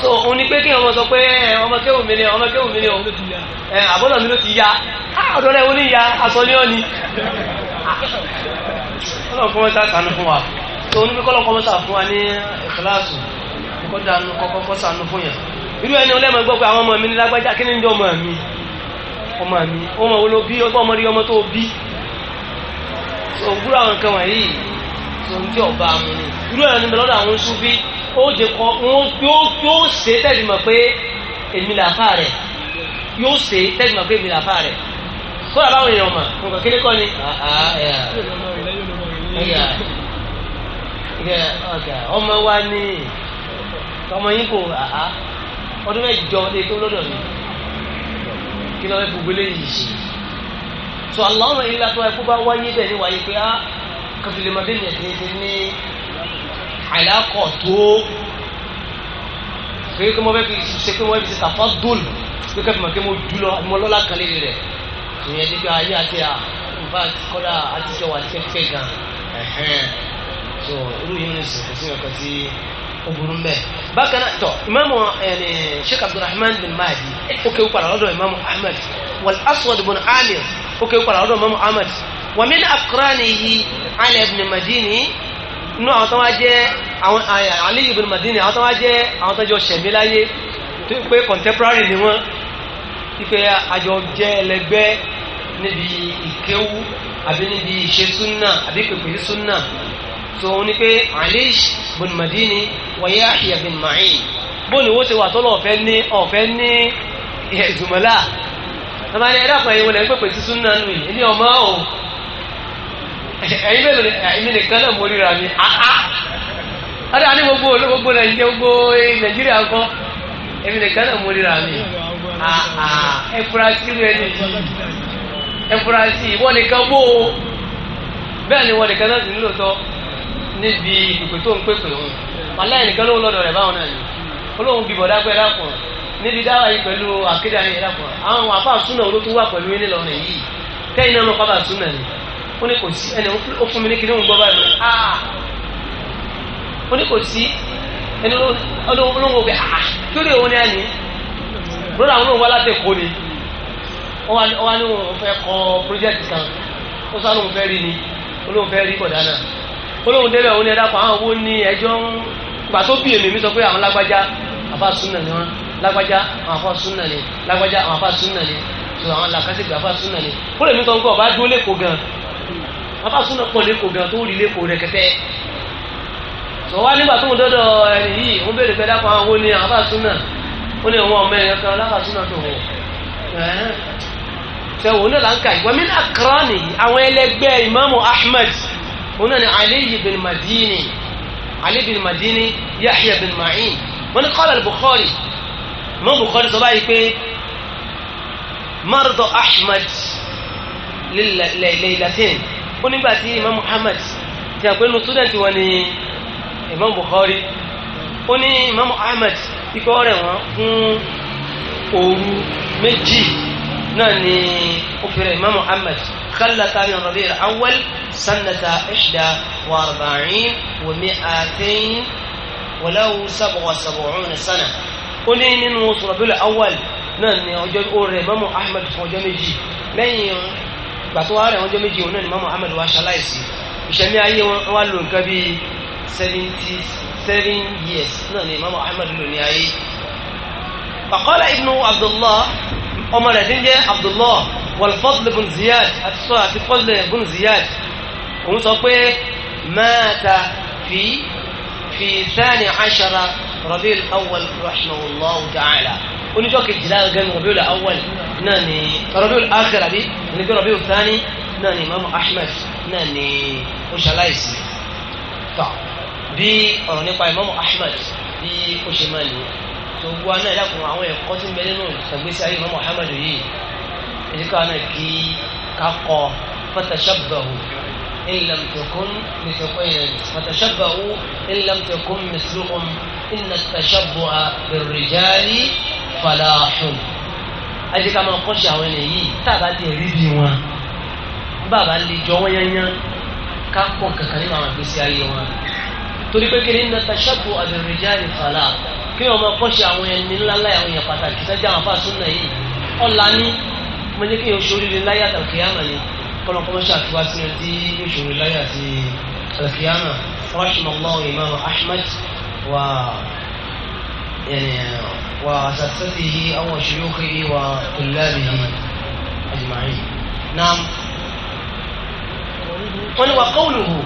so òun ni pé kí ọmọ sọ pé ọmọ kéwù mi ni ọmọ kéwù mi ni òun àbọ̀dọ̀ mi ló ya ọ̀dọ̀ rẹ̀ ni ya aṣọ ní ọ̀ni ọlọ́run sànú fún wa so òun ni pé fún wa ní kíláàsì kọ́kọ́ sànú fún yẹn irú ẹni ọlẹ́mọ̀ gbọ́ pé àwọn ọmọ mi ní lágbájá kí ni ń jẹ́ ọmọ mi ọmọ mi ọmọ wo ló bí ọgbọ́n ọmọ rí torí tí ọba mu ni irú ẹ̀rọ ni bẹ̀rẹ̀ lọ́dọ̀ àwọn sufi ó jẹ kọ́ wọn yóò ṣe tẹ̀lé mọ̀ pé èmi làáfà rẹ̀ yóò ṣe tẹ̀lé mọ̀ pé èmi làáfà rẹ̀ kóra báwọn èèyàn mà nǹkan kéde kọ́ ni. ọmọ wa ni ọmọ yín kò ọdún mẹ́jọ lè tó lọ́dọ̀ mi kí lọ́wọ́ gbogbo eléyìí ṣe. sọ àlọ́ ọ̀rọ̀ yìí látọ̀ ẹ̀kú bá wáyé bẹ́ẹ̀ ni wáyé pé á. Ah, kọfìlẹ̀ máa bẹ́ẹ̀ ní ẹ̀sìn ní àìlákọ̀ tó fẹ́ kí wọ́n fẹ́ fi ṣe pé wọ́n fi ṣe tàfọ́ dòlù pé kẹfì máa kí mo dúlọ mo lọ́la kan lé rẹ̀ ìyẹn ní pé ayé àti à nfa kọ́dà àti ṣe wà kẹ́kẹ́ gan ẹ̀hẹ́n tó irú yìí ń sìn kò sí ọkọ̀ tí ó burú mbẹ́. bákan náà tọ ìmáàmù ẹni sheikh abdulrahman bin mahdi ó kéwù padà lọ́dọ̀ ahmed wal aswad bin amir ó kéwù padà lọ́dọ̀ ahmed wa min aqranihi Ali ibn Madini inú àwọn tó wá jẹ́ àwọn eh, Ali ibn Madini àwọn tó wá jẹ́ àwọn tó jọ ṣẹ̀mí láyé tó pé contemporary ni wọ́n ipe àjọ jẹ́ ẹlẹgbẹ́ níbi ìkéwú àbí níbi ìṣe súnà àbí pèpè súnà tó ní pé Ali ibn Madini wa Yahya ibn bóòlù owó ti wà tó lọ ní ọ̀fẹ́ ní ìzùmọ̀lá tọ́mọ ẹ̀dá ẹ̀yin mélòó ni ẹ̀yin nìkan náà mo ríra mi àá ah, ah. ọ̀dọ̀ àní gbogbo gbogbo nàìjíríà gbogbo nàìjíríà kan èmi nìkan náà mo ah, o bẹ́ẹ̀ ni wọ́n nìkan náà sì nílò tọ́ níbi ìpè tó ń pè pè òun wàláyé nìkan lóhùn báwọn náà ni olóhùn bíbọ̀ dágbẹ́ lápò níbi dáwà yìí pẹ̀lú akéde àyè lápò àwọn àfa àsúnà olótú wà pẹ̀lú yín nílọrin yìí kẹ́yìn náà lọ́kọ́ ni. ó ní kò sí ẹni ó fún mi ní kíní òun gbọ́ báyìí ah ó ní kò sí ẹni olóhùn òkè ah, ah lórí òun ni ẹni lórí àwọn olóhùn wa láti èkó ni wọ́n wá ní òun fẹ́ kọ́ project kan ó sá lóun fẹ́ rí ni olóhùn fẹ́ rí kọ̀dá náà olóhùn débẹ̀ òun ni ẹ̀dá kan àwọn owó ní ẹjọ́ ń gbà tó bí èmi mi sọ pé àwọn lágbájá àfa súnà ni wọn lágbájá àwọn afa súnà ni lágbájá àwọn afa súnà ni tó àwọn làkàtì gbà afa súnà ni kó lèmi sọ nǹkan ọba dúró lẹkọọ gan bàbá súnà pọ̀ lẹ́kọ̀ọ́ gan tó rí lẹ́kọ̀ọ́ rẹ̀ kẹtẹ́ tó wá nígbà tó ń dọ́dọ̀ ẹni yìí ó béèrè fẹ́ dákọ̀ àwọn oní àbá súnà ó ní àwọn ọmọ ẹ̀yàn kan lábà súnà tó wọ̀ sẹ́wọ̀n náà láǹkà ìwà mí náà kàn ní àwọn ẹlẹgbẹ́ ìmáàmù Ahmad ó náà ní Aliyu bin Madini Ali bin Madini Yahya bin Ma'in wọ́n ní qala bukhari mọ́ Bukhari sọ báyìí pé mardo Ahmad lẹ́yìnlẹ́tìn ó nígbà tí imam muhammad ti àpẹnu túdẹ̀ntì wọn ni imam bukhari ó ní imam ahmed ikọ́ rẹ̀ wọ́n fún òru méjì náà ni ó fẹ́rẹ̀ imam muhammad kálàtà ní ọ̀rọ̀ bíi awwal sanata ihda wa arba'in wa mi'atain wàláwù sab'a sab'una sana ó ní nínú sọ̀rọ̀ bíi awwal náà ni ọjọ́ ó imam ahmed fún ọjọ́ méjì lẹ́yìn ìgbà tó wá rẹ̀ wọ́n jọ méjì òun náà ni mọ́mọ́ ahmed wa ṣaláìsí ìṣẹ̀mí ayé wọn wá lò nǹkan bíi seventy seven years náà ni mọ́mọ́ ahmed lò ní ayé. faqala ibnu abdullah ọmọ rẹ̀ ti ń jẹ́ abdullah walfadl bin ziyad àti sọ àti fadl bin ziyad òun sọ pé mata fi fi thani ashara rabi'ul awwal rahimahullahu ta'ala. ونجوا كتلال قال ربيع الأول ناني ربيع الآخر أبي ونجوا ربيع الثاني ناني مام أحمد ناني وش الله يسمي طا طيب، بي أرني قاي مام أحمد بي وش مالي تقول أنا لا كم عوي قاسم بلنون سبيس أي مام أحمد وهي إذا كان كي كقى فتشبهه إن لم تكن مثقين فتشبهوا إن لم تكن مثلهم إن التشبه بالرجال falahun ajẹ́ ká máa kọ́ṣẹ́ àwọn ẹni yìí tá a bá lè rí bí wọn bá a bá lè jọ wọ́n yányán ká pọ̀ kankan nínú àwọn ìgbésí ayé wọn torí pé kiri ní tashabu abirujari fala kí wọn máa kọ́ṣẹ́ àwọn ẹni ńláńlá àwọn èèyàn pàtàkì sẹ́jà àwọn afáàsùn náà yìí ọ̀la ní mo ní kí yóò ṣorí ní láyé àtàkìyàmà ni kọ́nà ṣàtúwá sí ẹni tí yóò ṣorí láyé àti àtàkìyàmà rahimahullah imam ahmed wa. يعني وأساتذته أو شيوخه وطلابه أجمعين نعم قل وقوله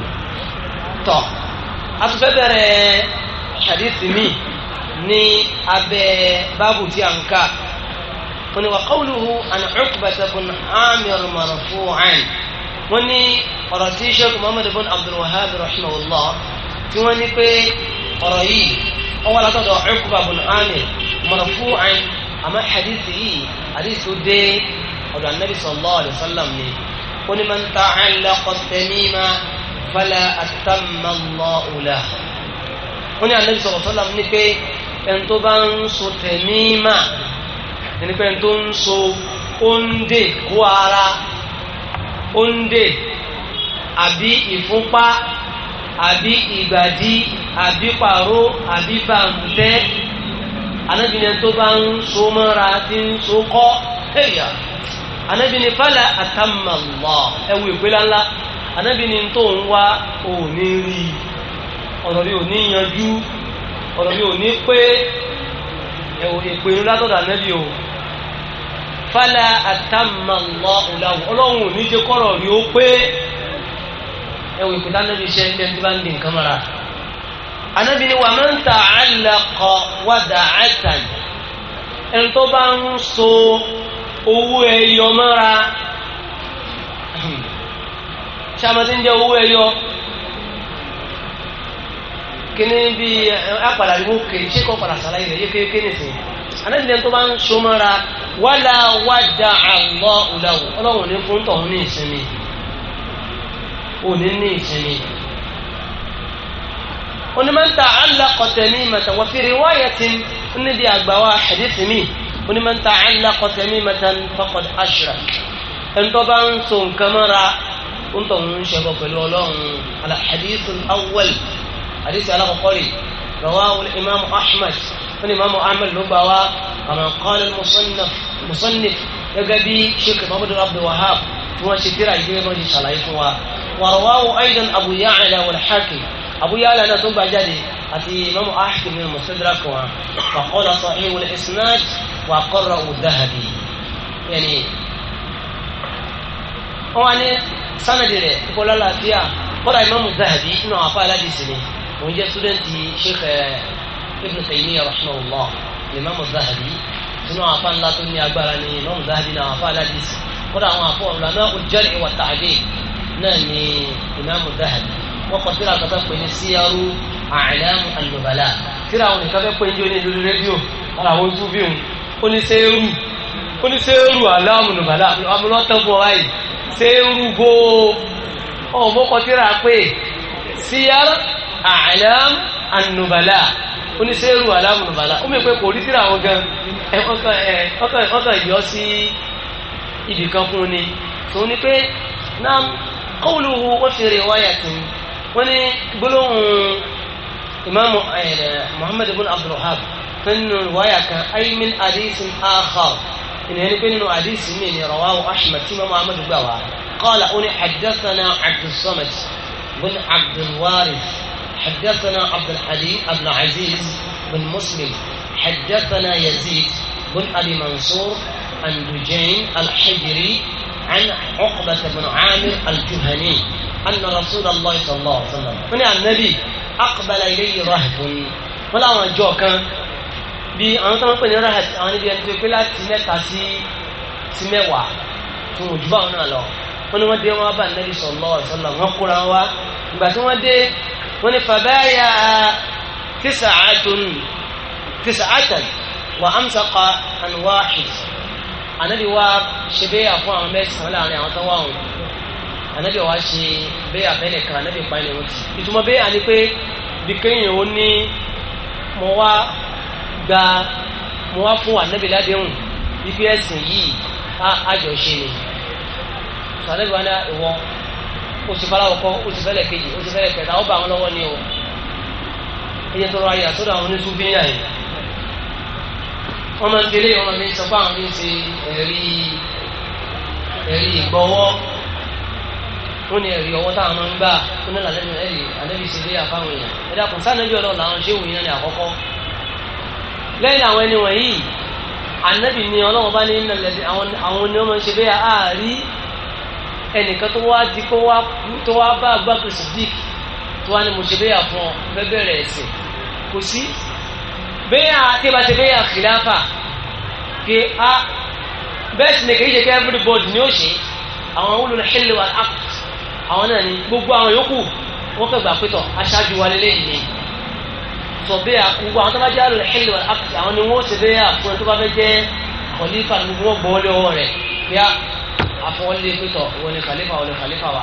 طب أتفبر حديث مي ni abẹ báàbù tí a ń kà wọn ni wà kọ́wùlùhù àná ọ̀kùbàtà bùn amir marfu'an wọn ni ọ̀rọ̀ tí sheikh muhammad bin abdulwahab rahimahullah tí wọ́n ní pé ọ̀rọ̀ yìí ọwọ́ látọ̀dọ̀ Uqba bin Amir marfu'an àmọ́ hadithi yìí hadithi tó dé ọ̀dọ̀ anabi sallallahu alayhi wa sallam ni ó ní man ta'allaqa tamima fala atamma Allahu lahu ó ní anabi sallallahu alayhi wa sallam ní pé ẹni tó bá ń so tamima ẹni pé ẹni tó ń so ondè kó ara ondè àbí ìfúnpá. àbí ìgbàdí àbí pàró àbí bàǹtẹ́ anábìnrin tó bá ń so mọ́ra tí ń so kọ́ ẹ̀yà anábìnrin fàlà àtàmàlọ́ ẹ̀wù ìpínlẹ̀ ńlá anábìnrin tó ń wá òní rí ọ̀rọ̀ rí òní yanjú ọ̀rọ̀ rí òní pé ẹ̀wù ìpínlẹ̀ látọ̀dọ̀ anábì o fàlà àtàmàlọ́ ọ̀làwọ̀ ọlọ́run ò o jẹ́ pé. ẹwù ìpìlẹ̀ anábì ṣe ń bẹ́ẹ̀ tí bá ń di nǹkan mọ́ra anábì ni wà máa ń ta àlàkọ wàdà àtàn ẹni tó bá ń so owó ẹyọ mọ́ra ṣàmùtí ń jẹ owó ẹyọ kíní bí apàdà ìwò kè ṣé kò padà sàlàyé rẹ̀ yékéyéké nìsín anábì ni ẹni tó bá ń so mọ́ra wàlà wàdà àlọ́ òlàwò ọlọ́run ní fún ní ìsinmi ò ní ní ìsinmi. onímọ̀ntà alákọ̀tẹ̀ ní mẹ́ta wọ́n fi riwáyà tí níbi àgbàwá hadith mi onímọ̀ntà alákọ̀tẹ̀ ní mẹ́ta faqad ashrak ẹni tó bá ń so nǹkan mọ́ra ń tọ̀ ń ṣẹbọ pẹ̀lú ọlọ́run alhadith awwal hadith alákọ̀kọ́ rẹ̀ imam ahmad fún ìmáàmù ahmed ló gbà wá àwọn qala al-musannif gẹ́gẹ́ bí sheikh muhammadu abdul wahab tí wọ́n ṣe tíra ìgbéyàwó wọn ṣe ṣàlàyé fún wa wàrọ̀wáwò aidan abu ya'la wal hakim abu ya'la náà tó gbà jáde àti ìmáàmù ahmed ní mustadrak wa faqala sahih al-isnad wa qarra'u dhahabi yẹni wọ́n wá ní sanadi rẹ̀ ìkọlá làbíà kọ́dà ìmáàmù inú àwọn afáàlá dì sí ni jẹ́ student sheikh ibn Taymiyyah rahimahullah ìmáàmù Zahabi nínú àwọn afá ńlá tó ní agbára ní ìmáàmù Zahabi náà afá aládìsí kódà àwọn afọ ọ̀rọ̀ náà ó jẹ́rìí ìwà tààdé náà ní ìmáàmù Zahabi wọ́n kọ síra àkàtà pé ní síyárú àìlẹ́mù àlùbàlà síra àwọn nìkan fẹ́ pé ní oní lórí rédíò ara àwọn ojú bí òun ó ní sẹ́ẹ̀rù ó ní sẹ́ẹ̀rù àlùbàlà àlùbàlà amúlọ́tàn síra pé síyárú àìlẹ́mù àlùbàlà oníṣẹ́rù alámùnùbàlà ó mẹ́ pé kò rí síra àwọn gan ọkàn ìyọ́ sí ibìkan fún ni tó ní pé náà qawluhu wa fi riwayatin wọ́n ní gbólóhùn ìmáàmù Muhammad ibn Abdul Wahhab nínú riwaya kan ay min hadisin akhar ìnìyàn ní pé nínú hadisi mi ni rawahu Ahmad tí mọ́mọ́ gbà wá qala ó ní haddathana Abdus bin Abdul حدثنا عبد الحليم بن عزيز بن مسلم حدثنا يزيد بن أبي منصور عن دجين الحجري عن عقبة بن عامر الجهني أن رسول الله صلى الله عليه وسلم من النبي أقبل إليه رهب ولا ما جو كان bí àwọn tó ń pè ní rahab àwọn níbi ẹni tó pé láti mẹ́ta sí sí mẹ́wàá tó ń jù báwọn náà lọ wọn ni wọ́n dé wọn bá nàbì sallallahu alaihi wasallam wọn kóra wa ìgbà tí wọ́n dé wọ́n ní fàbáyà tìsàátùn tìsàátàn wà amsaka anwahid ànábì wa ṣe bẹ́yà fún àwọn mẹ́sàn-án láàrin àwọn tó wà wọn ànábì wa ṣe bẹ́yà bẹ́ẹ̀ kan ànábì pa ẹni wọn ti ìtumọ̀ bẹ́yà ni pé bí kéèyàn ó ní mo wá gba mo wá fún ànábì ládéhùn ibi ẹ̀sìn yìí àjọṣe ni sàlẹ́bí wa ní ìwọ oṣù faláwọ̀kọ́ oṣù fẹ́lẹ̀ kejì oṣù fẹ́lẹ̀ kẹta ó bá wọn lọ́wọ́ ní o iye tó rọ ayé àtúndà àwọn oníṣú bí yàn yìí wọ́n máa ń tẹ̀lé ọmọ mi sọ pé àwọn mi ti ẹ̀rí ẹ̀rí ìgbọ́wọ́ wọ́n ní ẹ̀rí ọwọ́ táwọn máa ń gbà wọ́n ní làlẹ́ ẹ̀rí àlẹ́bí ṣe lé àfáwọn èèyàn ẹ̀dá kùn sánẹ́bí ọ̀dọ́ làwọn ṣé wòye náà ní àkọ́kọ́ lẹ́yìn àwọn ẹni wọ̀nyí ànábì ni ọlọ́wọ́ bá ní àwọn ni wọ́n máa ń ẹnìkan tó wá di kó wá tó wá bá agbáko sidik tó wá ní mo ṣe béyà fún ọ fẹ́ bẹ̀rẹ̀ ẹ̀sìn kò sí béyà tí bá ṣe béyà kìláfà kí a bẹ́ẹ̀ sì ni kì í ṣe kí everybody ni ó ṣe àwọn olùlọ hẹ́lẹ̀ wà á àwọn náà ni gbogbo àwọn yòókù wọ́n fẹ́ gbà pétọ̀ aṣáájú wa lélẹ́ yìí sọ béyà gbogbo àwọn tó bá jẹ́ olùlọ hẹ́lẹ̀ wà á àwọn ni wọ́n ṣe béyà fún ẹ tó bá fẹ́ jẹ́ kọ̀lífà gbogbo wọn gbọ́ lọ́wọ́ rẹ̀ yá afọwọ́lé pétọ̀ wọn ni kàlífà wọn ni kàlífà wa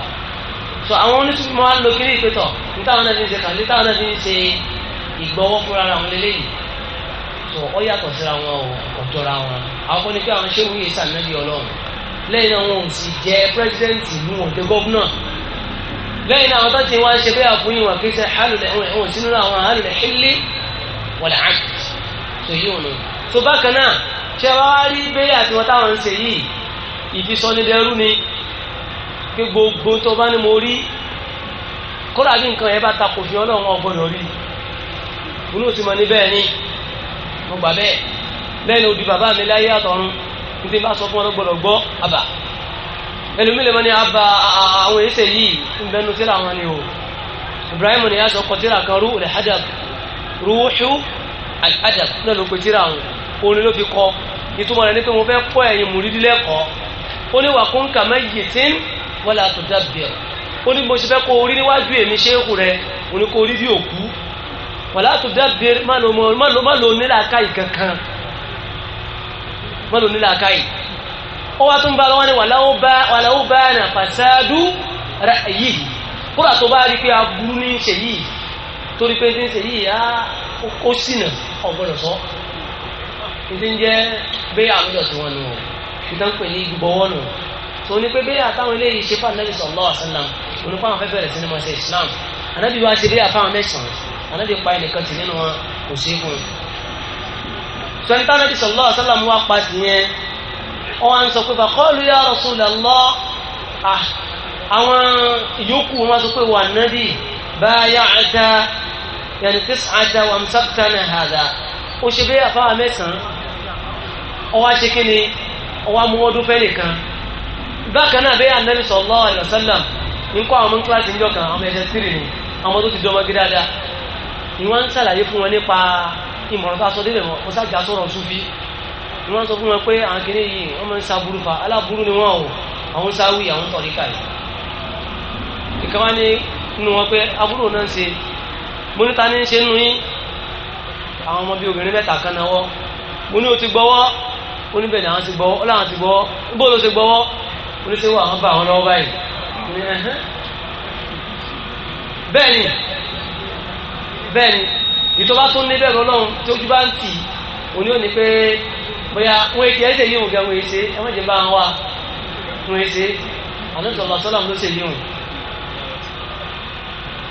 so àwọn oníṣòwò máa ń lo kiri ìpétọ̀ nítawọn náà ti ń ṣe kàlí táwọn náà ti ń ṣe ìgbọ́wọ́ fúnra ara wọn lélẹ́yìí so ọ yàtọ̀ síra wọn o ọ̀tọ̀ra wọn àwọn kan ní pé àwọn ṣéwù yìí sàmẹ́bí ọlọ́run lẹ́yìn náà wọn ò sì jẹ́ pírẹ́sidẹ́ǹtì ìlú wọn jẹ́ gọ́vnà lẹ́yìn náà àwọn tó ti wá ṣe pé àfúnyìn wọn kì í ṣe hálùlẹ̀ ẹ̀wọ̀n sínú àwọn hálùlẹ̀ hílí wọ̀lẹ̀ àkì so yìí wọn. so bákan náà ṣé wàá rí bẹ́ẹ̀ àti wọn táwọn ń ṣe yìí ìfisọ́nidẹ́rú ni pé gbogbo tó bá ní mo rí kódà bí nǹkan yẹn bá takò fi ọlọ́run ọgbọ́dọ̀ rí inú ti mọ ní bẹ́ẹ̀ ni mo gbà bẹ́ẹ̀ bẹ́ẹ̀ ni odi bàbá mi láyé àtọ̀run ní ti bá sọ fún ọlọ́gbọ́dọ̀ gbọ́ àbà ẹlòmílẹ̀ mọ́ ni àbà àwọn èsè yìí ń bẹnu tíra wọn ni o Ibrahim ni yà sọ kọ tíra kan rú ulẹ̀ hadab rúwúṣú al-adab náà ló pe tíra wọn òun ló fi kọ ìtumọ̀ rẹ̀ ni pé mo fẹ́ kọ́ ẹ̀yin mùrídìlẹ́kọ̀ọ́ ó ní wà kún kàmá yìtín wala tudabbir ó ní mo ṣe fẹ́ kó orí níwájú èmi ṣéèkù rẹ mo ní kó orí bí òkú wala tudabbir má lò nílàákàyè kankan má lò nílàákàyè ó wá tún bá lọ́wọ́ ní wàláwó bá nà fasadu ra'yihi kúrò àtọ́ bá rí pé aburú ní ṣe yìí torí pé ní ṣe yìí ó sínà ọ̀gbọ́n sọ ní ti ń jẹ́ bẹ́ẹ̀ àwùjọ tí wọ́n nù ọ́ ìdán pè ní ìgbọ̀wọ́ nù tó ní pé bẹ́ẹ̀ àtàwọn eléyìí ṣe fún anabi sallallahu alaihi wasallam olùkọ́ àwọn afẹ́fẹ́ rẹ̀ sí ni mo ṣe islam anabi wa ṣe bẹ́ẹ̀ àfáwọn mẹ́sàn-án anabi pa ẹnìkan tì nínú wọn kò ṣe é fún un. sọ̀rọ̀ anabi sallallahu alaihi wasallam wá pa sí yẹn wọ́n wá ń sọ pé faqalu ya Rasulullah ah, àwọn ìyókù wọn sọ pé wà nábì bay'ata yẹn tis'ata wàmsáfítà náà hàdà ó ṣe bẹ́ẹ̀ àfáwọn mẹ́sàn-án ọwọ́ ọwọ́ amúwọ́dún fẹ́ nìkan bákan náà bẹ́ẹ̀ anabi sallallahu alaihi wasallam ní kọ́ àwọn ọmọ kíláàsì níjọ kan àwọn ẹ̀ṣẹ̀ sírì ni àwọn tó ti dọ́mọ gé dáadáa ni wọ́n ń ṣàlàyé fún wọn nípa ìmọ̀ràn tó aṣọ délé wọn wọ́n ṣàjà sọ̀rọ̀ sufi ni wọ́n sọ fún wọn pé àwọn kìíní yìí wọ́n máa ń sa burú aláburú ni wọ́n o àwọn sáwì àwọn tọ̀ríkà yìí ìkàwá ní nínú wọn pé oníbẹ̀ ni àwọn ti gbọ́ ọláwọn ti gbọ́ bó ló ṣe gbọ́wọ́ oníṣẹ́wọ́ àwọn bá àwọn lọ́wọ́ báyìí bẹ́ẹ̀ ni bẹ́ẹ̀ ni ìtọ́ba tó ní bẹ́ẹ̀ lọ́lọ́run tí ojú bá ń tì òní ò ní pé bóyá wọ́n èké ẹ̀ṣẹ̀ yìí òǹkẹ́ wọ́n èṣe ẹ má jẹ́ bá wa wọ́n èṣe àlọ́sọ̀lá sọ́là ló ṣe yìí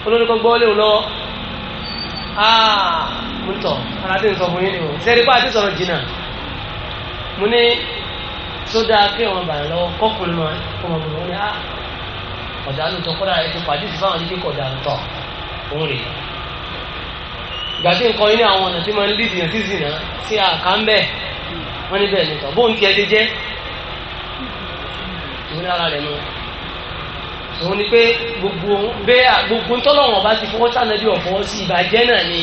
olórúkọ gbọ́ léwu lọ́wọ́ áà mo ń tọ̀ ara tí ń sọ fún yín ni o ṣe é rí pé àti sọ̀rọ̀ jìnnà mo ní sódà kí wọn bàrẹ̀ lọ́wọ́ kọ́kùnrin náà kọ́ mọ̀ mọ̀ ní ah, ọ̀dà ló tọ́ kọ́dà ètò pàdésì fáwọn ní kíkọ̀ ọ̀dà ń tọ̀ òun rèé gbàtí nǹkan yín ní àwọn ọ̀nà tí máa ń lídìí yàn sí zìnà sí àká ń bẹ̀ wọ́n ní bẹ́ẹ̀ nìkan bóun tiẹ̀ ti jẹ́ ìwé ara rẹ̀ mọ́ òun ni pé gbogbo bẹ́ẹ̀ gbogbo ntọ́lọ́wọ̀n bá ti fọwọ́ sànàbí ọ̀fọ́ sí ìbàjẹ́ náà ni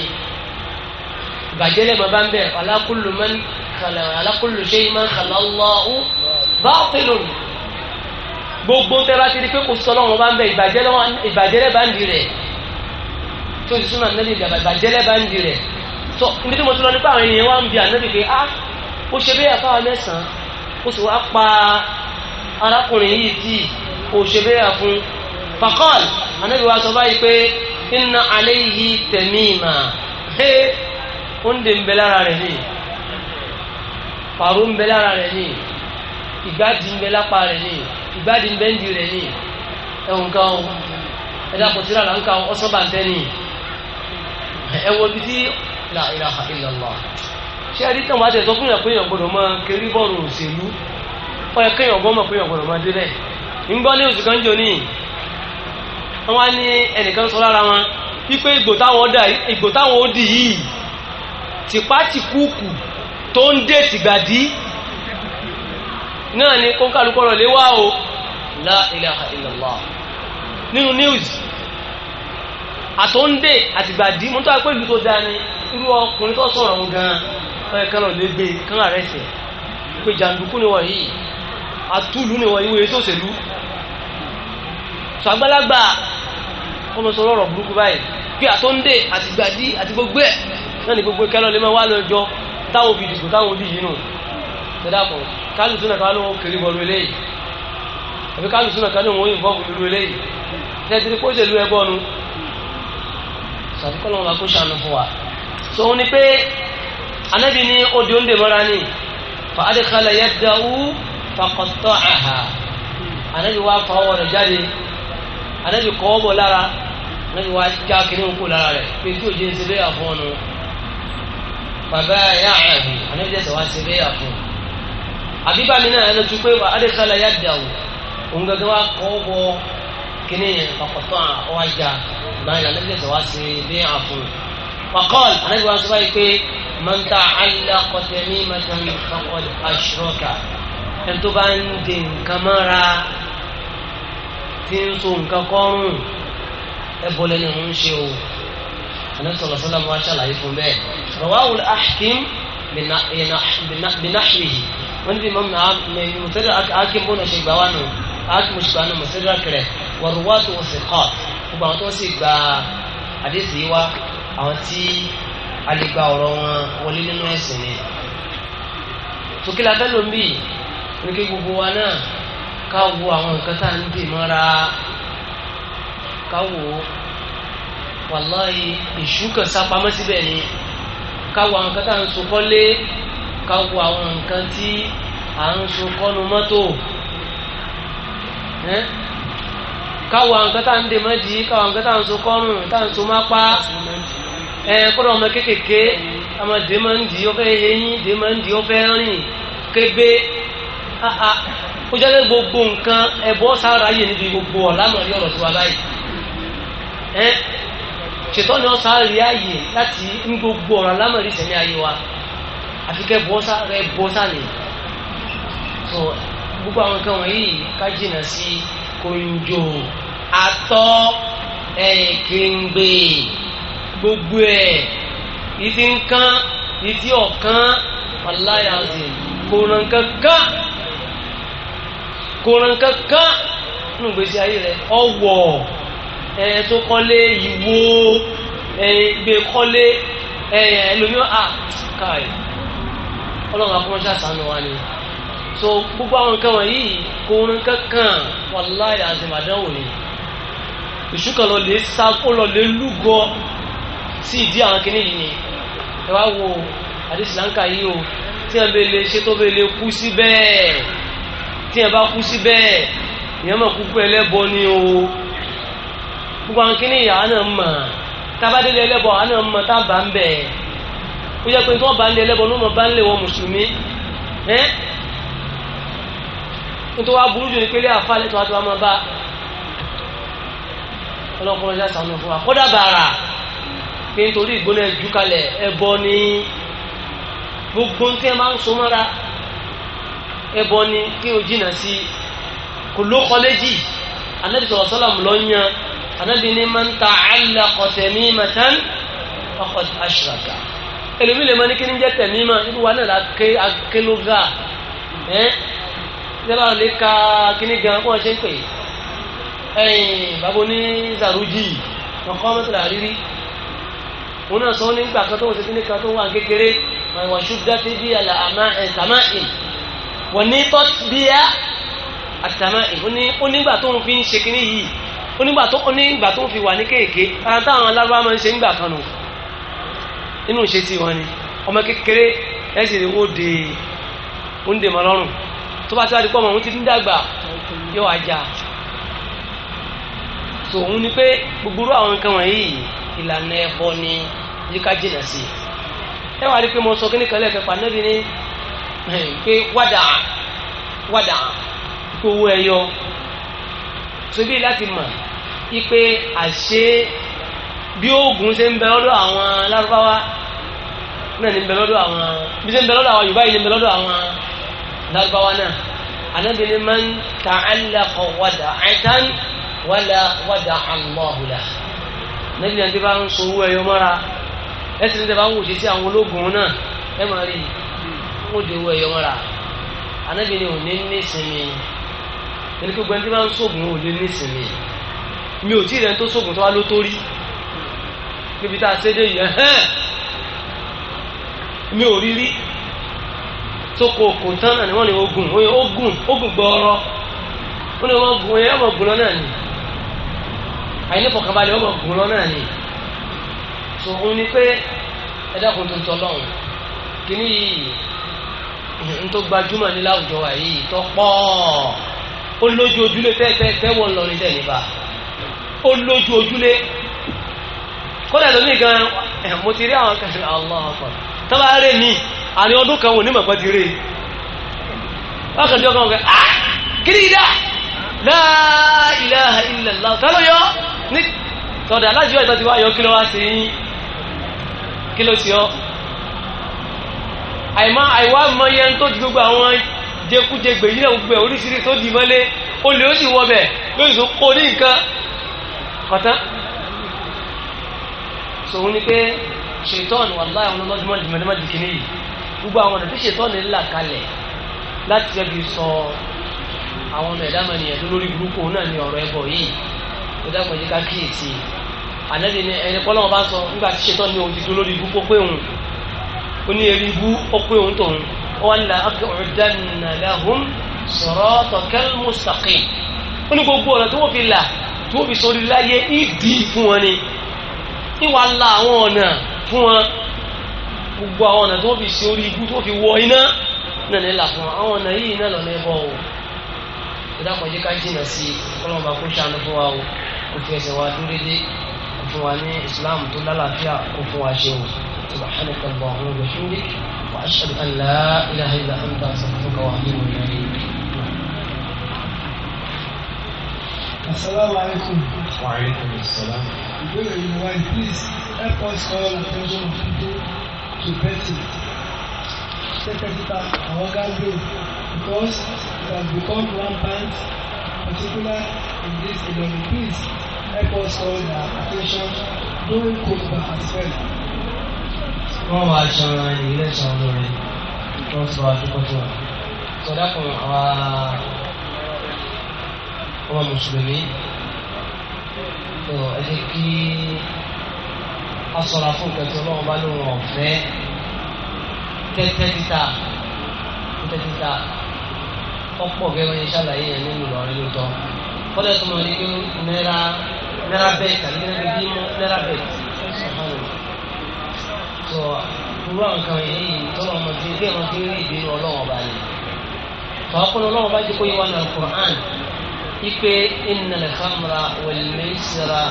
ìbàjẹ́ lẹ́ẹ̀mọ́ bá ń bẹ̀ alákùlùmọ́ni àkàlà alákòlù ṣe máa ń kàlà Allahu bátilun gbogbo tẹ́ bá ti di pé kò sọ lọ́wọ́ bá ń bẹ ìbàjẹ́ lẹ́ bá ń di rẹ̀ tó ti súnmọ́ ànábì ìdàgbà ìbàjẹ́ lẹ́ bá ń di rẹ̀ tó níbi tí mo ti lọ nípa àwọn ènìyàn wá ń bi ànábì pé á ah, ó ṣe bẹ́ẹ̀ fáwa mẹ́sàn-án ó sì wá pa arákùnrin yìí tí ó ṣe bẹ́ẹ̀ fún fakọ́l ànábì wa sọ báyìí pé inna alayhi tamima ṣé ó ń dè ń bẹ lára rẹ̀ nìyí pàrọ̀ ń bẹ lára rẹ̀ ni ìgbádìí ń bẹ lápá rẹ̀ ni ìgbádìí ń bẹ ń di rẹ̀ ni ẹ̀wọ̀n kan o ẹ̀dá kò sí rárá ń ka ọ̀ṣọ́ bá ń tẹ́ ni ẹ̀wọ̀n bí tí la ilaha illallah ṣé ẹ̀rí tàn wá tẹ̀ sọ fún yàn pé yàn gbọdọ̀ máa kiri bọ́ọ̀lù òṣèlú wọ́n yẹ kéèyàn gbọ́n mọ̀ pé yàn gbọdọ̀ máa dé bẹ́ẹ̀ ń gbọ́ ní oṣù kan jò ní wọ́n ní ẹnìkan sọ lára wọn wípé ìgbò táwọn ó dì yìí tìpá tìkúùkù tó ń dé tìgbàdí náà ni kó ń kálukọ́ lé wá o la ilaha illallah nínú news àtòǹdè àtìgbàdí mo ń tọ́ àpé ìlú tó dáa ni irú ọkùnrin tó sọ̀rọ̀ ń gan ẹ̀ kan náà lè gbé kan ààrẹ sẹ̀ pé jàǹdùkú ni wọ̀nyí àtúlù ni wọ̀nyí wòye sòṣèlú sàgbàlagbà wọ́n mọ̀ sọ̀rọ̀ ọ̀rọ̀ burúkú báyìí pé àtòǹdè àtìgbàdí àti gbogbo ẹ̀ náà ni gbogbo kẹlọ́ lè táwọn fi dìbò táwọn dì yìí nù tẹ́dàpọ̀ kálùsù náà kan ló ń kiri bọ̀lú eléyìí àbí kálùsù náà kan ló ń wọ́n ìfọ́ọ̀bù lórí eléyìí tẹ́tìrí kó ṣèlú ẹgbọ́ nu sàfikọ́nà ọ̀la kó ṣàánú fún wa. so ní pé anábì ní odò ń dèmọ́ra ní fa adékalẹ̀ yẹ dáwú fakọ̀tọ̀ àhà anábì wá fa ọwọ́ rẹ̀ jáde anábì kọ́ ọ bọ̀ lára anábì wá já kiri ń kó lára rẹ̀ pé tí òjì ń ṣe bẹ́ẹ̀ bàbá ẹ̀yà àhù ànábi ẹ̀sẹ̀ wá sí bẹ́yà fún un àbíbá mi náà ẹnu tún pé wà adékálá yá dà o òun gẹ́gẹ́ wá kọ́ bọ kíní ọ̀pọ̀tọ́ ọwá jà báyìí ànábi ẹ̀sẹ̀ wá sí bẹ́yà fún un wàkọ́ọ̀lù ànábi wá sọ báyìí pé mọ̀ntà alákọ̀tẹ̀ ní mẹ́tàn fọkọ̀lù aṣọ́ọ̀kà ẹni tó bá ń di nǹkan mọ́ra tí ń so nǹkan kọ́rùn-ún ẹ bọ́lẹ̀ ni òun ń ṣe o anasọ̀rọ̀ sọ́lá wa ṣàlàyé fún bẹ́ẹ̀ rọ̀wáwù akim binaxrihi wọ́n níbi mọ́mù mùsẹ́dà akim bọ́nà ṣe gbà wá nù akim ṣe gbà nù mùsẹ́dà kẹrẹ wàrúwá tó wọ́n sì kọ́ gbogbo àwọn tó ń sì gba àdéhùn yìí wá àwọn tí a lè gba ọ̀rọ̀ wọn wàláyé èṣù kan sápamọ́ síbẹ̀ ni káwọ àwọn kan tá à ń so kọ́lé káwọ àwọn nǹkan tí à ń so kọ́nu mọ́tò káwọ àwọn kan tá à ń dèmọ́dì káwọ àwọn kan tá à ń so kọ́rùn tá à ń so mápá ẹ kọ́dọ̀ ọmọ kéékèèké ọmọ dèmọ́ndì ọfẹ́ eyín dèmọ́ndì ọfẹ́ rìn kébé ó jẹ́ pé gbogbo nǹkan ẹ̀bọ́ sára yé níbi gbogbo ọ̀làmọ̀rí ọ̀rọ̀ tó wà báyìí ṣètọ́ ni wọ́n sá rí ààyè láti ń gbogbo ọ̀rọ̀ alámọ̀rí ìsẹ̀mí ayé wa àfi kẹ́ bọ́ sá bọ́ sá so gbogbo àwọn nǹkan wọ̀nyí ká jìnà sí kòǹjò àtọ́ ẹ̀yìn kéńgbé gbogbo ẹ̀ ìdí nǹkan ìdí ọ̀kan aláyàzì kòrànkankan kòrànkankan nínú ìgbésí ayé rẹ ọ̀wọ̀ ẹ tó kọ́lé ìwo gbé kọ́lé ẹlòmíràn à káì ọlọ́run akọ́mọṣẹ́ àṣàánú wa ni so gbogbo àwọn nǹkan wọ̀nyí kò ń kankan wàláì àzìmàdánwò ni ìṣúkàn lọ lè sá kó lọ lè lúgọ sí ìdí àwọn kìnìún yìí ni ẹ wá wo àdìsí láǹkà yìí o tí ẹ bẹ lè ṣe tó bẹ lè kú sí bẹ́ẹ̀ tí ẹ bá kú sí bẹ́ẹ̀ ìyẹn mọ̀ kúkú ẹlẹ́bọ ni o gbogbo àwọn kìíní ìyá náà mọ̀ tábàdélé ẹlẹ́bọ àwọn náà mọ̀ tábà ń bẹ̀ ó yẹ pé tí wọ́n bá ń lé ẹlẹ́bọ ní wọ́n bá ń lé wọn mùsùlùmí ẹ́ nítorí wàá burú jù ní pélé àfa lẹ́tọ̀ àti wàá máa bá ọlọ́kùnrin ọjà sànù fún wa kódà bàrà pé nítorí ìgbóná ẹ̀jú kalẹ̀ ẹbọ ní gbogbo ní ẹ máa ń so mọ́ra ẹbọ ní kí o jìnnà sí kò ló kọ́lẹ́jì anẹ́tìtọ̀ ọ̀sọ́làmù lọ́yàn anábì ní man ta'allaqa tamimatan faqad ashraka ẹlòmí lè mọ ní kíní jẹ́ tamima irú wa náà la ké akélógà ẹ́ ìjọba lè ka kíní gan kó wọ́n ṣe ń pè ẹ̀yìn bàbá ní zaruji ọkọ mẹ́tàlá rírí òun náà sọ nígbà kan tó wọ́n ṣe kíní kan tó wà kékeré wọ́n ṣúgá ti bí àlà àmà ẹ̀ sàmà ẹ̀ wọ́n ní tọ́t bíyà àtàmà ẹ̀ ó nígbà tó ń fi ń ṣe kíní onígbà tó onígbà tó fi wà ní kéèké ara táwọn alágbára máa ń ṣe ńgbà kan nù inú ìṣe ti wọn ni ọmọ kékeré ẹ sì rí wọ́n de ó ń dè mọ́ tó bá ti wá di pọ́ mọ́ òun ti ń dàgbà yóò wá jà so òun ni pé gbogbo àwọn nǹkan wọ̀nyí ìlànà ẹ̀bọ ni yíká jìnà sí ẹ wá rí pé mo sọ kí ní kan lẹ́ẹ̀kẹ́pà níbi ní pé wádà wádà kó owó ẹyọ so bí láti mọ̀ ipe àṣé bí oògùn ṣe ń bẹ lọ́dọ̀ àwọn lárúbáwá náà ní ń bẹ lọ́dọ̀ àwọn bí ṣe ń bẹ lọ́dọ̀ àwọn yorùbá yìí ní ń bẹ lọ́dọ̀ àwọn lárúbáwá náà anabi ni man ta'allaqa wada'atan wala wada'a Allahu lahu níbi náà ti bá ń sọ owó ẹyọ mọ́ra ẹ ní ti ń wòṣe sí àwọn ológun náà ẹ máa rí ń wòde owó ẹyọ mọ́ra anabi ni ò ní sinmi ẹni pé gbẹ́ndé ń sọ̀gùn ò ní ní sinmi mi ò tí ì rẹ̀ tó sóògùn tó wá ló tó rí níbi tá a ṣe dé yìí ẹ̀hẹ́n mi ò rí rí tó kò tán náà ni wọ́n ní ogun ogun ogun gbọ́ọ́rọ́ wọ́n ní wọ́n gun ẹ̀yẹ́ ọmọgun lọ náà ni àyínífọ̀kànbalẹ̀ ọmọgun lọ náà ni tó òun ni pé ẹ̀dàkùn tó ń tọ́ lọ́hùn kíní yìí n tó gbajúmọ̀ ní láwùjọ wa yìí tó pọ̀ ó lójú ojúlé tẹ́tẹ́ tẹ́wọ̀n lọ ní tẹ̀ níbà ó lójú ojúlé kódà lómi gan eh, mo ti rí àwọn kan allah akọ tọ́ba rẹ̀ mi àní ọdún kan wò ní mọ̀pẹ́ ti rí wọ́n kàn jọ ah kí ìdá la ilaha illallah tọ́lọ yọ ní tọ́dà aláàjì wà ìtọ́jú wa yọ kí ló wá sí yín kí ló sí ọ àìmọ́ àìwá mọ iye tó di gbogbo àwọn jẹkújẹgbè yìí náà gbogbo oríṣiríṣi tó di mọ́lé olè ó sì wọ bẹ̀ lóṣù ní nǹkan kọ́tán sòun ni pé ṣètọ́ọ̀nù wàlúwà àwọn ọlọ́dúnmọ́ dìmọ̀dẹ́mọ́ di kìíní yìí gbogbo àwọn ọ̀nà tí ṣètọ́ọ̀nù là kalẹ̀ láti fẹ́ fi sọ àwọn ọmọ ẹ̀dá mọ̀nìyàn tó lórí burúkú náà ní ọ̀rọ̀ ẹbọ yìí ó dákun yìí ká kíyèsí ànábì ni ẹni kọ́lọ́wọ́ bá sọ nígbà tí ṣètọ́ọ̀nù òun ti lórí burúkú pé òun ó ní eré ibú ó pé òun tòun ó wà tó fi sórí láyé ìdí fún wọn ni ìwà la àwọn ọ̀nà fún wọn gbogbo àwọn ọ̀nà tó fi ṣe orí igbó tó fi wọ iná náà nílà fún wọn àwọn ọ̀nà yìí náà lọ́nà ẹ̀bọ̀ o ìdákan jẹ́ ká jìnà sí ọlọ́run bá kó ṣàánú fún wa o kò fi ẹsẹ̀ wa dúró dé kò fún wa ní ìsìláàmù tó lálàáfíà kò fún wa ṣe o subhanaka allahumma wa bihamdik wa ashhadu an la ilaha illa anta astaghfiruka wa atubu ilayk asalaamualeykum. wa aleykum salaam. ìbéèrè yìí wá ní please help us call attention of people to betting. take capital and our blow because it has become rampant particular in this economy. Please help us all our attention during COVID as well. wọ́n máa ṣanra ẹni ilé ìṣàn lórí wọ́n ti bá a tó wà. sọ̀dá kan àwa ọmọ mùsùlùmí tó ẹ jẹ́ kí a sọ̀rọ̀ fún nǹkan tí ọlọ́run bá lóun ọ̀fẹ́ tẹ́tẹ́ títà tẹ́tẹ́ títà ọ̀pọ̀ gẹ́gẹ́ ní sàlàyé yẹn nínú Ìlọrin nera tọ́ nera tó máa ní pé náírà náírà bẹ́ẹ̀ tàbí náírà bí mú náírà bẹ́ẹ̀ tó irú àǹkan yìí tọ́lọ́ ọmọ fi bí ẹ̀rọ fi rí Al-Qur'an ipe innal khamra wal maisira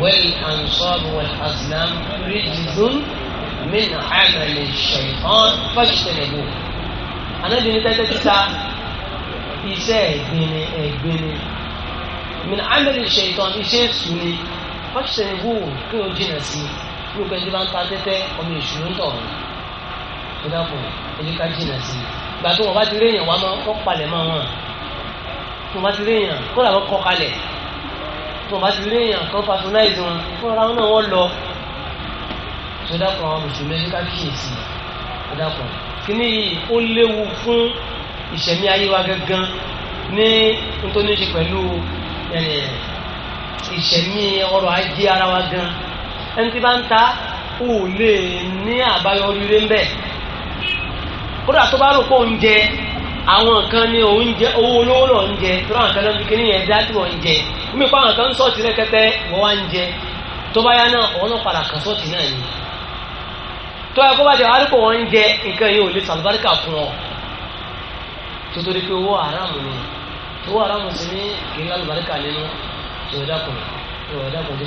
wal ansab wal azlam rijzun min amali shaytan fajtanibu anabi ní tẹ́tẹ́ títa iṣẹ́ ẹ̀gbẹ́ni ẹ̀gbẹ́ni min amali shaytan iṣẹ́ èṣù ni fajtanibu kí o jìnà sí kí o kẹ́ni bá ń ta tẹ́tẹ́ ọmọ èṣù ló ń tọ̀ ọ́ ìdáàbò ẹ̀yíká jìnà sí gbàtí wọn bá ti rí èèyàn wá mọ́ kọ́ palẹ̀ mọ́ wọn tó bá ti rí èèyàn kó làwọn kọ kalẹ̀ tó bá ti rí èèyàn kan patronize wọn kó ra wọn náà wọ́n lọ tó dákun àwọn mùsùlùmí ẹni ká kíyèsí tó dákun kíní yìí ó léwu fún ìṣẹ̀mí ayé wa gangan ní nítorí ṣe pẹ̀lú ìṣẹ̀mí ọrọ̀ ajé ara wa gan ẹni tí bá ń ta ò lè ní àbáyọrí rẹ̀ ń bẹ̀ kódà tó bá rò pé òun jẹ àwọn kan ní oúnjẹ owó olówó lọ ń jẹ tó ráwọn kan lọ fi kíní yẹn dá tí wọn ń jẹ omi pa àwọn kan ń sọ́ọ̀tì rẹ́kẹ́tẹ́ wọ́n wá ń jẹ tó bá yá náà ọ̀wọ́n náà padà kan sọ́ọ̀tì náà ni tó yẹ kó bá jẹ àdúgbò wọn ń jẹ nǹkan yìí ò lè sàlùbáríkà fún ọ tó torí pé owó àràmù ni owó àràmù sí ní kì í lálùbáríkà nínú ìwọ̀dàkùn ìwọ̀dàkùn tó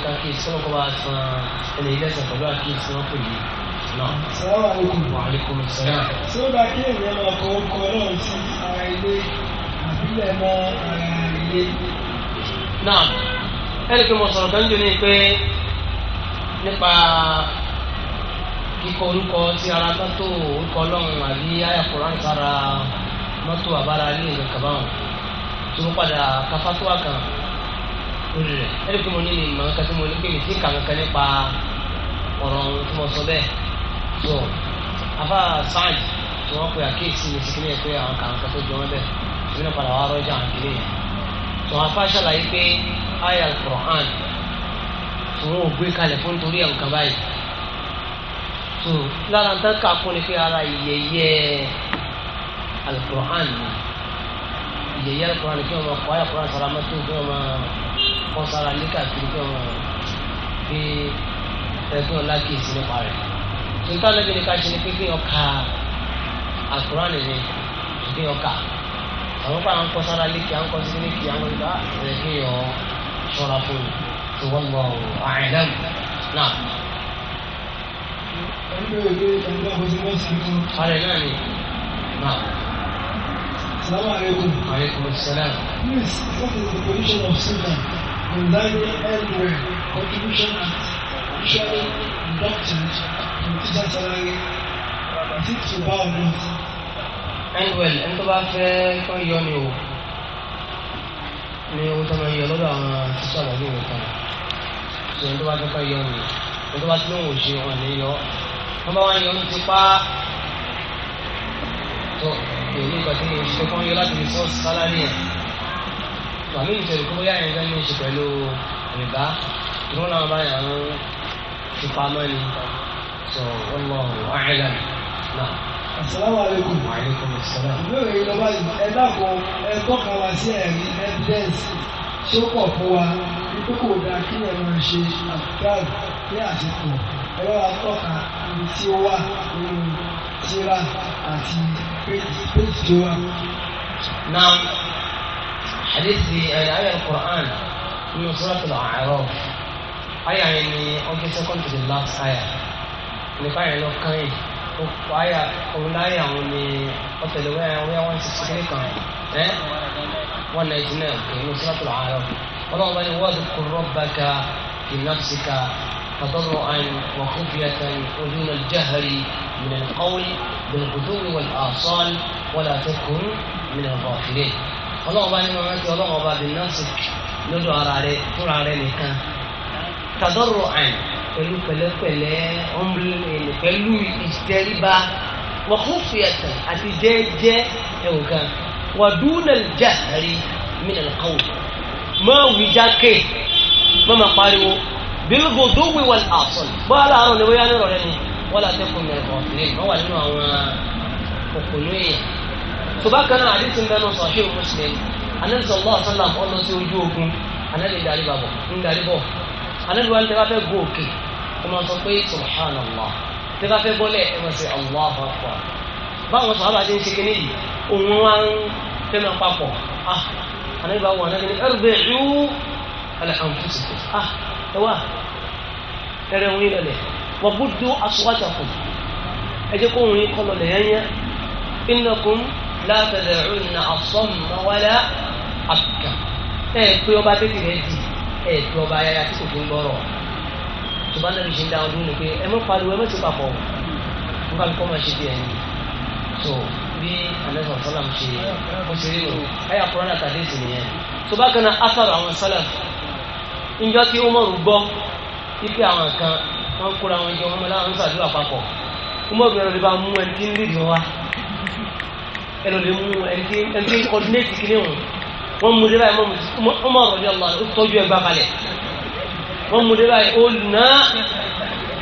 ká kí Assalamu alaikum. Wa alaikum assalam. Ṣé ó bá kí èèyàn máa kọ orúkọ Ọlọ́run sí ara ilé àbílẹ̀ mọ́ ara ilé? Náà, ẹni pé mo sọ̀rọ̀ tó ń jò ní pé nípa kíkọ orúkọ sí ara mọ́tò orúkọ Ọlọ́run àbí àyà Kùránì sára mọ́tò àbára ilé ìlú kàbáwọn tó padà kafatuwa kan lórí rẹ̀. Ẹni pé mo ní ìmọ̀ nǹkan tí mo ní pé mi sí kàǹkan nípa ọ̀rọ̀ tí mo sọ bẹ́ẹ̀ tó afa sáàj tí wọ́n pe àkéèsí mi sí kílẹ̀ pé àwọn kan kan tó jọ wọn bẹ́ẹ̀ ìbínú padà wà rọ́jà àwọn kílẹ̀ yẹn tó afa ṣàlàyé pé àyà Al-Qur'an tó wọn ò gbé kalẹ̀ fún torí ẹ̀ nǹkan báyìí tó lára nǹkan kà kún ni pé ara ìyẹyẹ Al-Qur'an ni ìyẹyẹ Al-Qur'an ni kí wọ́n máa kọ́ àyà Al-Qur'an sara mọ́tò kí wọ́n máa kọ́ sara níkàkiri kí wọ́n máa gbé ẹgbẹ́ ọlá kìí sí nípa rẹ̀ níta lẹ́bi ní ká ṣe ni pé kí wọ́n ka àkùránì ni kí wọ́n ka àwọn pa àwọn kọ́sára lékì àwọn kọ́sí lékì àwọn ìgbà rẹ̀ kí wọ́n ṣọ́ra fún mi tó wọ́n lọ àìlẹ́m náà. Ààrẹ náà ni. Náà. Assalamu alaikum. Alaikum assalam. Please, what is the position of Sunnah regarding everywhere contribution and usually doctrines and teachers salary is it to buy or not. anyway ẹni tó bá fẹ́ kán yọ ni o ní owó tó máa yọ lọ́dọ̀ àwọn tíṣà àgbàdo nìkan ṣe ẹni tó bá fẹ́ kán yọ ni ẹni tó bá ti lóun ò ṣe wọn ní yọ wọn bá wọn yọ ní tipa tó èyí nǹkan tí mo ṣe kán yọ láti fi sọ́ọ̀sì sálárì ẹ̀ wàmí ìṣẹ̀lẹ̀ kó bóyá ẹ̀yìn kan ní í ṣe pẹ̀lú rìbá ìrún náà bá yàn án ìpamọ́ ni so wallahu a'lam náà. asalaamualeykum. wa aleykum salaam. ìbéèrè yìí lọ́wọ́ ẹ dákun ẹ tọ́ka wá sí ẹ̀rí evidence tí ó pọ̀ fún wa wípé kò dáa kí ẹ máa ṣe àbúrò ní àsìkò ẹ wá tọ́ka ibi tí ó wà nínú tíra àti péjì tó wà. naam hadithi eh, ayé ayé al-Qur'an nínú suratul A'raf àyà yẹn ni ọdún second to the last àyà nípa yẹn lọ kàn yìí ó àyà òun láyà òun ni ọ̀tẹ̀lẹ̀ wẹ́yà wẹ́yà one sixty three kan ẹ́ one ninety nine èyí ló sọ́tò àárọ̀ ọlọ́run bá ní wọ́ọ̀dù kò rọ́bàkà ìnáfíṣíkà تضرعا وخفية ودون الجهر من القول بالغدو والآصال ولا تكن من الغافلين ọlọ́run bá nínú rántí ọlọ́run ọba bíi násìk lójú ara rẹ fúnra rẹ nìkan tàdọ́rọ̀ àyìn pẹ̀lú pẹ̀lẹ́pẹ̀lẹ́ pẹ̀lú ìtẹríba wà kó fìyàtà àti jẹ́jẹ́ ẹ̀wọ̀n kan wà dúnà jàrí mìíràn kọ́wò máa wí jákè má máa pariwo bílgò dówì wà lásán bọ́ aláàárọ̀ ni wọ́n yá nírọ̀ rẹ ni wọ́n là tẹ́kùn mẹ́rin kan lè má wà nínú àwọn òkùnú èèyàn. tó bá kan náà àdìsí ń bẹnu sọ̀ṣẹ́ òmùsùlẹ̀ anẹ́sọ̀ lọ́ọ̀sán àlejò àti tẹ́lá fẹ́ gun òkè ẹ máa sọ pé subhanallah tẹ́lá fẹ́ bọ́lẹ̀ ẹ máa sọ Allahu akbar báwọn sọ̀rọ̀ àti ṣe kéde yìí òun wá ń fẹ́ máa papọ̀ ah àlejò àwọn àlejò ní ẹrù bẹ́ẹ̀ ríú alhamdulilayi ah ẹ wá ẹrẹ òun yìí lọlẹ̀ wọ́n bú dú aswatakum ẹ jẹ́ kó òun yìí kọ́ lọlẹ̀ yẹn yẹn innakum pé ọba tètè rẹ dì ẹ̀dùn ọba ayáyá tí kò tó ń gbọ́rọ̀ tó bá nàbí ṣe ń dá ọdún ní pé ẹ mọ́ pariwo ẹ mọ́ ti papọ̀ wọ́n bá mi kọ́ máa ṣe bí ẹni so bí anẹ́sàn sálàm ṣe kó ṣe rí o ẹ̀yà kúrọ́nà tàbí èsì nìyẹn tó bá kan náà afárò àwọn sálàm níjọ́ tí Umaru gbọ́ ipe àwọn kan wọ́n kóra wọn jọ wọn láwọn ń ṣàdúrà papọ̀ Umaru ẹ̀rọ lè bá mú wọ́n mú débà yìí ọmọ ọ̀rọ̀ yẹn lọ ó tọ́jú ẹ̀ gbàbalẹ̀ wọ́n mú débà yìí ó nà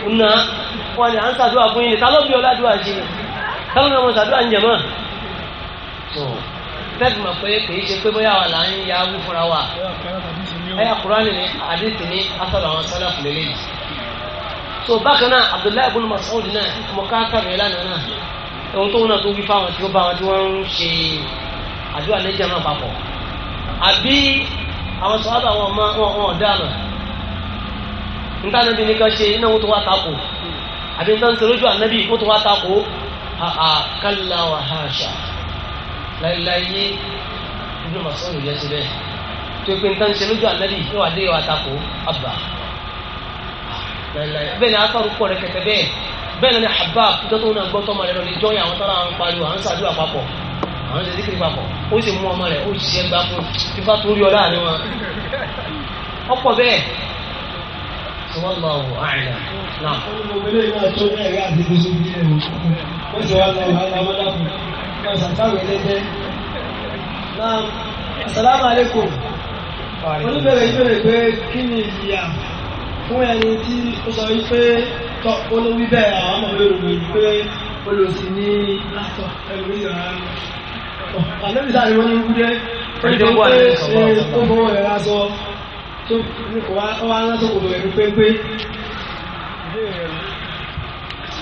ó nà wọ́n ní à ń sàdúrà fún yín ní kálọ́ bí ọlá dúrà ṣe kálọ́ bí ọmọ sàdúrà ń jẹ mọ́ tó mọ̀ pé kìí ṣe pé bóyá wà là ń ya wú fúnra wa ẹ̀yà kúránì ni àdéhùn ní asọ̀rọ̀ àwọn sọ́nà fún lélẹ́yìí so bákan náà abdullahi ibn masoud náà mo ká kàrẹ̀ lánàá náà ohun tó wọn náà tó wí fáwọn tí ó bá wọn tí wọ́n ń ṣe àdúrà lẹ́jẹ̀ náà papọ̀ àbí àwọn sọ́wọ́dà àwọn ọmọ wọn wọn ọ̀daràn ntànàbí nìkan ṣe iná wọn tó wá tako àbí ntàn sọ lójú ànábì wọn tó wá tako àkàlà wà hàṣà láyéláyé ibùdó màsán yìí lẹ́sẹ̀ bẹ́ẹ̀ tó pé ntàn ṣe lójú ànábì yóò wá dé yóò wá tako àbà láyéláyé bẹ́ẹ̀ ni akọrù pọ̀ rẹ̀ kẹ̀kẹ́ bẹ́ẹ̀ bẹ́ẹ̀ ni àbá tó tó ń gbọ́ tọ́mọ rẹ̀ lọ ní àwọn tó àwọn ṣe síkìrì papọ̀ ó sì mú ọmọ rẹ̀ ó ṣiṣẹ́ gbá fún fífá tó rí ọ láàrin wọn ọ̀pọ̀ bẹ́ẹ̀ wọ́n lọ wọ àìlà náà. olùmọ̀gbẹ́lẹ́ náà tó ní ẹ̀rí àti gbèsè bí ẹ̀rọ ó sì wá lọ wà lámọ́dáàbò náà sàtàwé lẹ́jẹ́. náà asalaamu aleykum oníbẹ̀rẹ̀ pé kí ni ìyà fún ẹni tí ó sọ wípé tọ́ olówí bẹ́ẹ̀ àwọn ọmọ olórí pé olùsìn ní látọ̀ ẹ̀rọ ìyàrá àlẹ́bí sáré wọn ní wúdẹ́ nígbà pé ṣe ó fọwọ́ rẹ̀ lásọ tó wá lásọ kò lè rí pépé.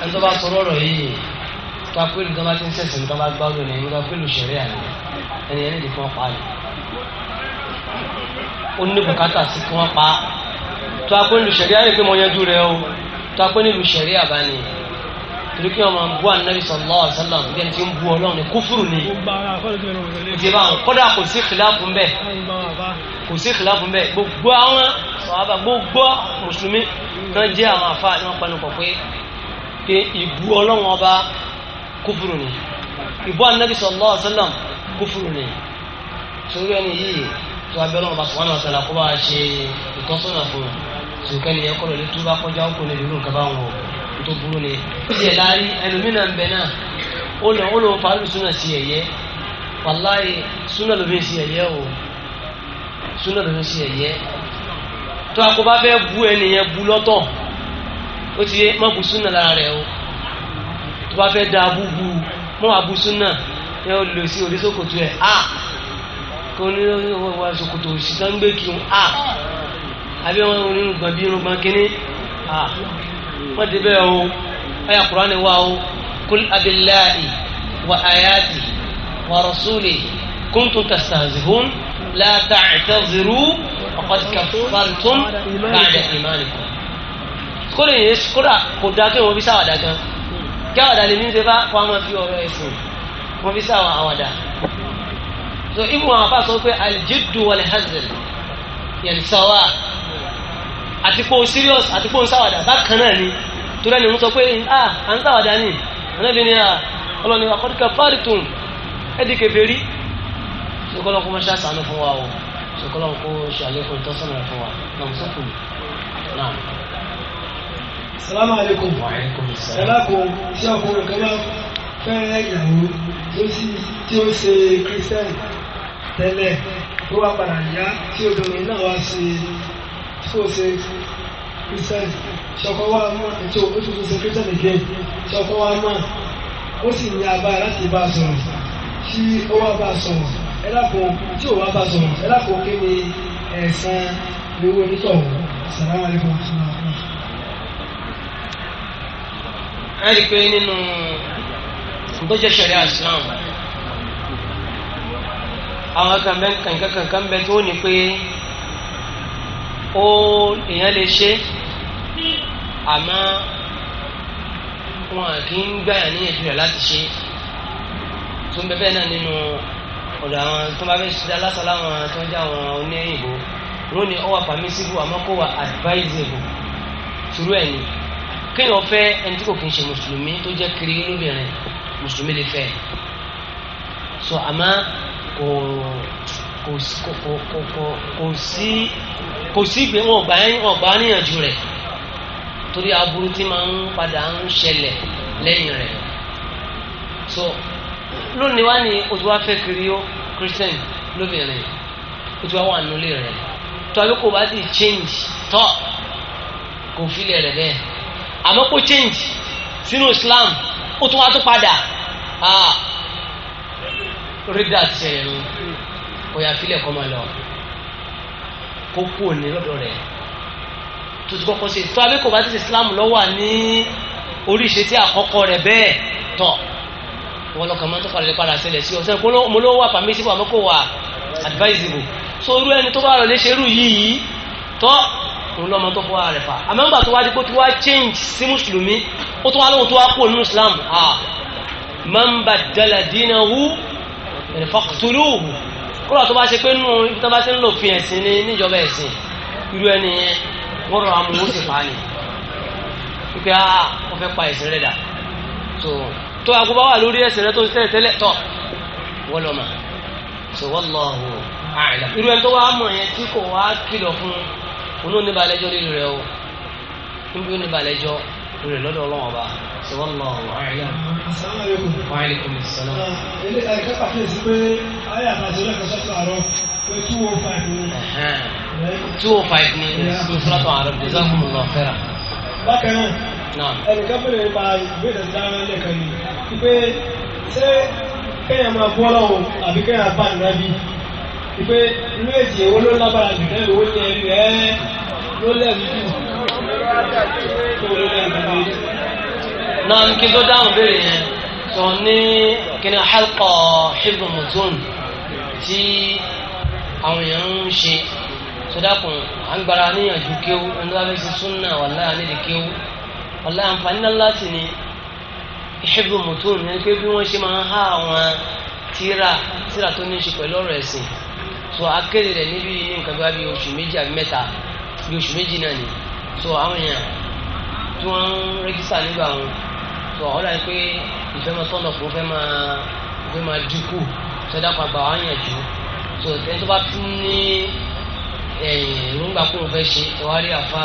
ẹni tó bá sọ lọ́rọ̀ yìí tó apẹ́lú tó bá ti ń sẹ̀sìn tó bá gbádùn ní ẹni tó apẹ́lú ṣẹ̀rí àná ẹni ẹni tí wọ́n pa ni. ó ní bùkátà sí kí wọ́n pa tó apẹ́lú ṣẹ̀rí àná pé mo yanjú rẹ o tó apẹ́lú ṣẹ̀rí àbá ni torí kí wọn máa bú anabi sallallahu alaihi wasallam bí ẹni tí ń bú ọlọ́run ní kúfùrù ni ìjìbá kọ́dà kò sí kìláàfù ń bẹ̀ kò sí kìláàfù ń bẹ̀ gbogbo àwọn sọ̀hábà gbogbo mùsùlùmí náà jẹ́ àwọn àfa ni wọ́n pẹnu pọ̀ pé pé ìbú ọlọ́run ọba kúfùrù ni ìbú anabi sallallahu alaihi wasallam kúfùrù ni torí ẹni yìí tó abẹ́ ọlọ́run ọba sọ̀hánà ọ̀sán tòkẹ́ nìyẹn kọ́ lọ́lẹ́ tó bá kọjá ó kò lè lórí nǹkan bá wọn o tó burú ni. ìyẹn láàrí ẹlòmínà ń bẹ náà ó lọ ó lọ fàálù súnà sí ẹ̀yẹ wàláyé súnà ló fi o suna ló fi ń sí ẹ̀yẹ tó a kò bá fẹ́ bu ẹnìyẹn bu lọ́tọ̀ ó ti yé má bu súnà lára rẹ o tó bá fẹ́ da abúbu mọ́ abu súnà ẹ ó lò sí orísòkòtò ẹ̀ a ah! kò ní wọ́n wọ́n ṣòkòtò òṣìṣẹ́ ń gbé kí a. Ah! àbí wọn onírun gbọ̀n bí irun gbọ̀n kínní wọn ti bẹ́ẹ̀ o ayé Kùránì wa o kul abillahi wa ayati wa rasulihi kuntum tastahzihun la ta'taziru faqad kafartum ba'da imanikum. kódà yẹn kódà kò dáa kí wọn fi sáwàdà gan kí àwàdà lè ní ṣe bá wọn máa fi ọ̀rọ̀ ẹ̀sìn wọn fi sáwà àwàdà so ibùn àwọn sọ pé aljiddu wal hazl yẹn sáwà àti pé o serious àti pé o ń sáwàdà bákan náà ni torí ẹni ń sọ pé ah à ń sáwàdà ni ànábi ni ah ọlọ́ni àkọ́dúkà fáàrìtùn ẹ̀dì kẹfẹ́rí ṣùgbọ́n kó má ṣe àṣàánú fún wa o ṣùgbọ́n kó ṣe àlékún ìtọ́sọ́nà fún wa náà sọ́kùn náà. salamu aleykum ẹlẹ́kùn tí ọkùnrin kan bá fẹ́rẹ́ ìyàwó tí ó ṣe kírísítẹ́nì tẹ́lẹ̀ tó wá padà yá tí obìnrin náà wá ṣe tó ṣe Christian ṣọkọwà náà ètò oṣù tó ṣe Christian again ṣọkọwà náà ó sì ní abáyé láti bá a sọ̀rọ̀ tí ó wá bá a sọ̀rọ̀ ẹ dàpọ̀ tí ò wá bá a sọ̀rọ̀ ẹ dàpọ̀ kí ni ẹ̀sán lówó onítọ̀hún sàlámù alaykum ẹ rí i pé nínú gbọ́jọ́ sẹ̀ríà Islam àwọn kankan kankan bẹ́ẹ̀ tó ní pé ó èèyàn lè ṣe àmọ́ wọn kì í gbàyà ní ẹ̀jú rẹ̀ láti ṣe tó ń bẹ bẹ́ẹ̀ náà nínú ọ̀dọ̀ àwọn tó bá fẹ́ ṣe aláṣọ láwọn tó ń jẹ́ àwọn oníyìnbó wọn ni ó wà permissible àmọ́ kó wà advisable tùrú ẹ̀ ni kéèyàn fẹ́ ẹni tí kò kì í ṣe mùsùlùmí tó jẹ́ kiri lóbìnrin mùsùlùmí lè fẹ́ so àmọ́ kò kò kò kò kò sí kò sí ìgbé wọn ò gbà níyànjú rẹ̀ torí aburú tí máa ń padà ń ṣẹlẹ̀ lẹ́yìn rẹ̀ so lónìí wá ní oṣù wa fẹ́ kiri ó christian lóbìnrin oṣù wa wà nulẹ̀ rẹ̀ tó àbí kò bá ti change tọ́ kò filẹ̀ rẹ̀ bẹ́ẹ̀ àmọ́ kò change sínú islam ó tún wá tó padà rídà ti ṣẹlẹ̀ nù ó yà filẹ̀ kọ́ máa lọ kó kú òní lọ́dọ̀ rẹ̀ tó ti kọ́kọ́ ṣe tó abẹ́kọ̀ bá ti ṣe islam lọ́wọ́ ní oríṣi tí àkọ́kọ́ rẹ̀ bẹ́ẹ̀ tọ̀ wọ́n lọ́kàn máa tó padà padà ṣẹlẹ̀ sí ọ̀sẹ̀ mo ló wà permissible àmọ́ kò wà advisable so irú ẹni tó bá rọ̀ léṣe irú yìí tọ́ òun lọ́mọ tó fọwọ́ rẹ̀ fà àmọ́ nígbà tó wá dé pé tó wá change sí mùsùlùmí ó tó wá lóhun tó wá kú nínú islam ah man badala dinahu faqtuluhu kúrò tó bá ṣe pé nù ibi tó bá ṣe ń lò fi ẹ̀sìn ní níjọba ẹ̀sìn irú ẹni yẹn wọ́n rọra mú wọ́n sì pa á ní wípé ah, ah wọ́n fẹ́ pa ẹ̀sìn rẹ̀ dà so tó aago bá wà lórí ẹ̀sìn rẹ̀ tó ń tẹ́lẹ̀ tẹ́lẹ̀ tọ̀ wọ́n lọ mà so wallahu a'lam irú ẹni tó wàá mọ̀ yẹn tí kò wá kìlọ̀ fún un olóòní balẹ̀jọ́ lílu rẹ̀ o níbi ó ní balẹ̀jọ́ rẹ̀ lọ́dọ̀ ọlọ́run ọba sallallahu alaihi wa alaikum salam. Ah, ilé ẹ̀ka pàkíyèsí pé ayé àtàjẹ́ lẹ́kọ̀ọ́ sọ́tọ̀ àárọ̀ pé two oh five ni. two oh five ni sọ́tọ̀ àárọ̀ jazakumullahu khairan. bákan náà ẹnìkan fẹ́rẹ̀ nípa ìgbésẹ̀ dáná lẹ́kọ̀ọ́ ni wípé ṣé kéèyàn máa bú ọlọ́run àbí kéèyàn bá nìyá bí wípé inú èjì èwo ló lágbára jù lẹ́nu owó ní ẹ̀rí rẹ̀ ló lẹ́nu jù náà ní kí n tó dáhùn béèrè yẹn sọ ní kí ni halqa hibbu mutun tí àwọn èèyàn ń ṣe sọdákùn à ń gbára níyànjú kéwú ẹni súnà wà láà kéwú ọ̀la àǹfààní ńlá láti ní hibbu mutun ní pé bí wọ́n ṣe máa ń há àwọn tíra tíra tó ní ṣe pẹ̀lú ọ̀rọ̀ ẹ̀sìn so akéde rẹ̀ níbi nǹkan bí bí oṣù méjì àbí mẹ́ta bí oṣù méjì náà nìyí so àwọn èèyàn tí wọ́n ń rẹ́jísà nígbà wọn so àwọn dàbí pé ìfẹ́ máa tọ́nà fún fẹ́ máa fẹ́ máa dínkù sọdá pàgbà wọn yàn jù so ẹni tó bá tún ní èròǹgbà kúrò fẹ́ ṣe ẹ wá rí àfa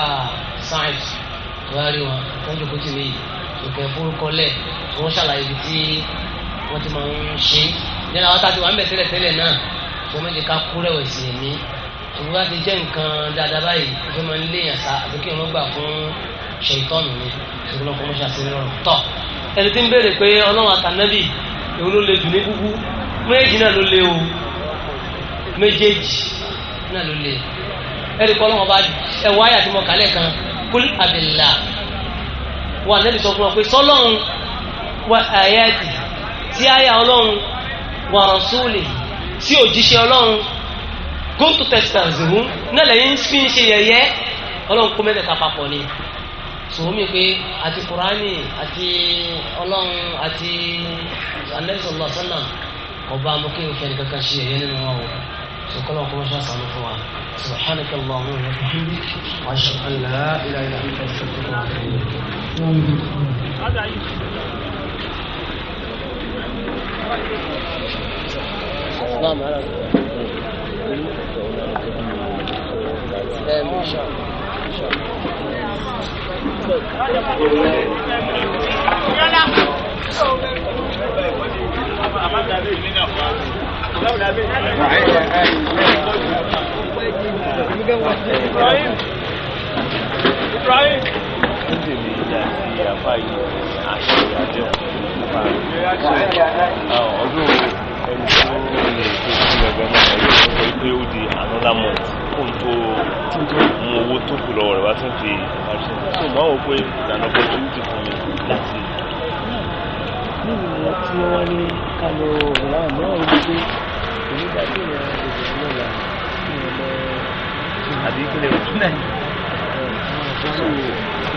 science ẹ wá rí wọn tọ́jú kó tì mí yìí òkè forúkọlẹ̀ wọ́n ṣàlàyé ibi tí wọ́n ti máa ń ṣe ní àwọn tá a ti wà ń bẹ̀ tẹ́lẹ̀ tẹ́lẹ̀ náà tó méje ká kú rẹ̀wẹ̀sì ẹ̀mí tòun bá ti jẹ́ nǹkan dáadáa báyìí ó fẹ́ máa ń léèyàn sá àti kí wọ́n gbà fún ṣèǹtọ́nù ni ṣùgbọ́n ọkọ̀ mọ́ṣá sí rọrùn tọ̀ ẹni tí ń béèrè pé ọlọ́run àtànẹ́bì èwo ló le jù ní kúkú méjì náà ló le o méjèèjì náà ló le ẹni kọ́ ọlọ́run ọba ẹ̀wọ̀ ayà tí mo kà lẹ́ẹ̀kan àbẹ̀là wà nẹ́bì sọ fún wa pé sọlọ́run wà àyà tí àyà ọlọ́run wà rọ̀ṣúlì sí òjíṣẹ́ ọlọ́run gótù tẹsán zòwún náà lẹ́yìn fi ń ṣe yẹ̀yẹ́ ọlọ́run kó mẹ́tẹ̀ẹ̀ta papọ̀ ni sùnwómi pé àti kùránì àti ọlọ́run àti alẹ́sọ̀lọ́ sọ́nà ọba amúkẹ́ òfin kankan ṣe yẹ̀yẹ́ nínú wọn o sọkọlọ kọ́ mọ́ṣá sànú fún wa taala. اللهم وبحمدك واشهد ان لا اله الا انت استغفرك واتوب اليك السلام عليكم ọdún ẹni tó ń lè tó sí ẹgbẹ́ náà yóò sọ pé pé ó di another month kó tó mú owó tó kù lọ́wọ́ rẹ̀ wá tún fi àṣẹ tó máa wò pé ìdáná bọ́ tó ti fún mi láti. nínú ìwọ tí wọ́n ní ká lọ ọ̀rọ̀ àwọn náà ń gbé onídàájọ́ ìrìn àjò ìrìn lọ́la ìrìn lọ. àbí kílẹ̀ òtún náà.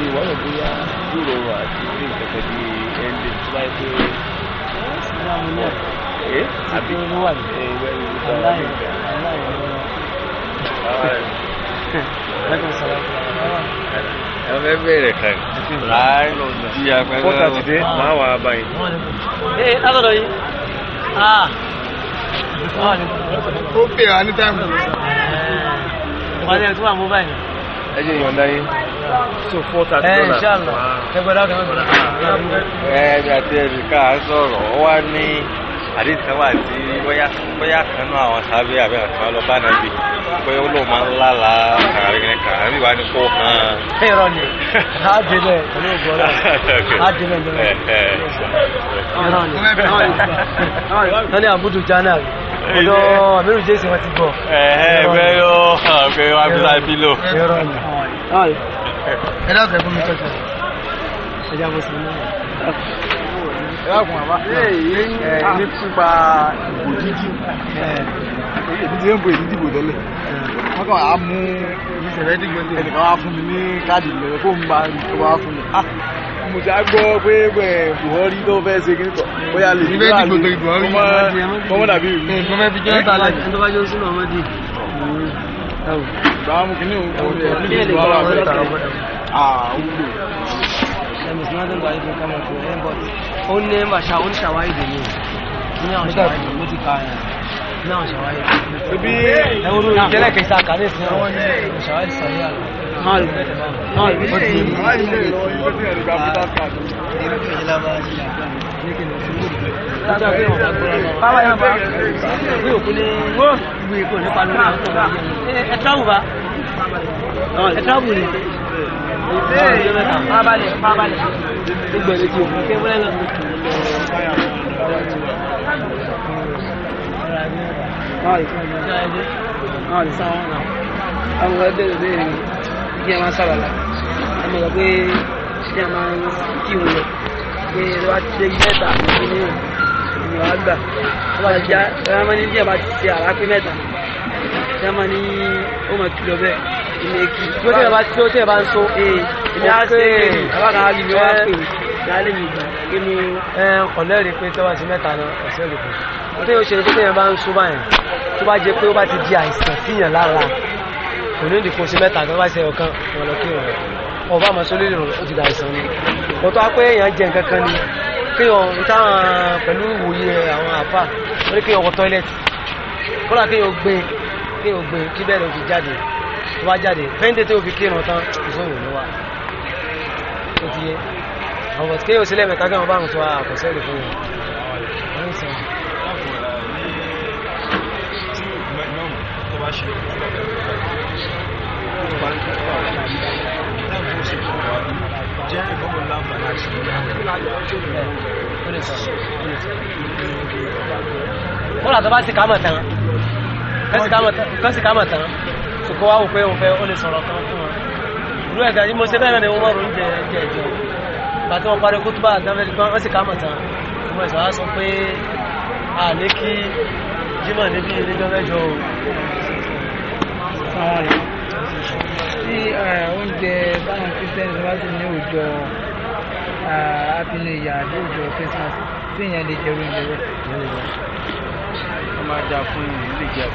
ìwọ́n rẹ̀ bóyá yóò rọrùn àti ilé ìkẹ́kẹ́ bíi ẹni tó báyìí pé ẹ àbí ló wà ní ẹwẹ ìlú aláìní aláìní ẹ fẹ́ bẹ̀rẹ̀ kan láì lọ di apẹ́ náà máa wà á báyìí. ẹ eh, látọ̀dọ̀ yìí ah. Ah, ó pè wá ní táìmù. Eh. wọ́n lè tún wà mú báyìí. ẹ jẹ́ ìyọ̀ǹda yín so four thirty eh, dollar. ẹ inshallah ẹ gbọ́dọ̀ kẹmẹ gbọ́dọ̀. ẹ ẹ àti ẹnìkan sọ̀rọ̀ ó wá ní àdéhùn kan wà tí bóyá bóyá kan náà àwọn sábẹ́ àbẹ́ àtúmọ̀ lọ bá náà bí bóyá ó lò máa ń lála kàrí kìnìún kan àbí wà ní kó hàn. ẹ irọ́ ni a dì bẹ́ẹ̀ pẹ̀lú ògbó eh, eh. náà a dì bẹ́ẹ̀ bẹ́ẹ̀ irọ́ ni wọ́n ní àbúdù jana ọ̀dọ̀ àmírù jésù wọn ti gbọ́. ẹ eh, ẹ bẹ́ẹ̀ yóò hàn pé wọ́n á fi sáà bí lò. irọ́ ni ẹ dákẹ́ fún mi kẹ́kẹ́ ẹ jẹ́ àbọ̀sí náà ẹlẹ́kùn àbá ẹ ní pípa ìbò jíjí èyí ń bo èyí dìbò tẹ́lẹ̀ wọ́n kàn á mú ẹnìkan wá fún mi ní káàdì ìlẹ̀rẹ̀ kó ń gba ìjọba wá fún mi ah, mo ti gbọ́ pé buhari tó fẹ́ ṣe kíkọ́ bóyá lè ní wà ní dàbí ìlú. nǹkan fi jẹ́ ọ̀tá lẹ́yìn. ẹni tó bá jẹ́ oṣù náà mọ́dì. báwo òun kò ní ìlú ara there is nothing that even come to him but ó ní àṣà oníṣàwáìdì ni ní àwọn ṣàwáìdì ló ti ka yẹn ní àwọn ṣàwáìdì. ibi ẹwúrú ìjẹ́lẹ̀ kẹsì àkàdé sí ọwọ́ ní ṣàwáìdì sọ̀rí àlọ́. máa lù máa lù bó ti yé mi. báwa yẹn bá wí òkú ní wí kò ní pariwo ní àwọn tó bá yẹn. ẹ ẹ tábù bá ẹ tábù ni fábàlẹ̀ fábàlẹ̀ gbogbo ẹni tí o fi tẹ́wọ́lẹ́ lọ. àwọn ọ̀rẹ́ bẹ̀rẹ̀ bẹ̀rẹ̀ kí ẹ máa sábàlá àmọ́ ọ̀rọ̀ pé kí ẹ máa kí òun lọ pé ẹ wá ti ṣe mẹ́ta àti ní ìlú àgbà ẹ bá ti ṣe ẹ máa ní bí tí ó tẹ̀ bá tí ó tẹ̀ bá ń so èmi á ṣe alága ayé mi wá pè lálẹ́ mi gbà kí ni. ọ̀lẹ́rìí pé tọ́wọ́ sí mẹ́ta náà ọ̀sẹ̀ rẹ̀ kù tí ó ṣe tó tẹ̀yàn bá ń so báyìí tó bá jẹ pé ó bá ti di àìsàn síyàn lára kò ní ìdìkò sí mẹ́ta tó bá ṣe ọ̀kan wọn lọ kí wọn ọba àmọ́ sólè lòrùn ó ti da àìsàn ni kò tó wá pé èèyàn jẹ nǹkan kan ni kí wọn ń táwọn pẹ̀lú ìwòye àwọn àfà wọn ní kí wọn wọ tọ́ílẹ̀tì tó bá jáde fẹ́ǹdé tó fi kírun tán ìṣòwò ló wà ó ti yé àwọn bọ̀tí sílẹ̀ mẹ́ta gẹ́gẹ́ bá ń sọ àkọsẹ́ fún wọn. wọ́n làtọ́ bá sì kámọ̀ tán kọ́sì kámọ̀ tán ṣùkọ́ wá wò pé òun fẹ́ ó lè sọ̀rọ̀ kan fún wọn ìlú ẹ̀gá yìí mo ṣe bẹ́ẹ̀ náà ni wọ́n mọ̀ oúnjẹ ẹ̀jẹ̀ ìjọ ìgbà tí wọ́n parí kó tó bá àgbẹ̀fẹ́ gbọ́n wọ́n sì ká mọ̀tàn ìmọ̀ ẹ̀sọ́ á sọ pé a ní kí Jímọ̀ níbi ìlẹ́jọ́ mẹ́jọ o. tí eh, oúnjẹ báwọn Christian bá sì ní òòjọ́ eh, abinu ìyá àti òòjọ́ Christmas tí ìyẹn lè jẹ oúnjẹ rẹ̀. ó máa fún ìlú ìjẹun.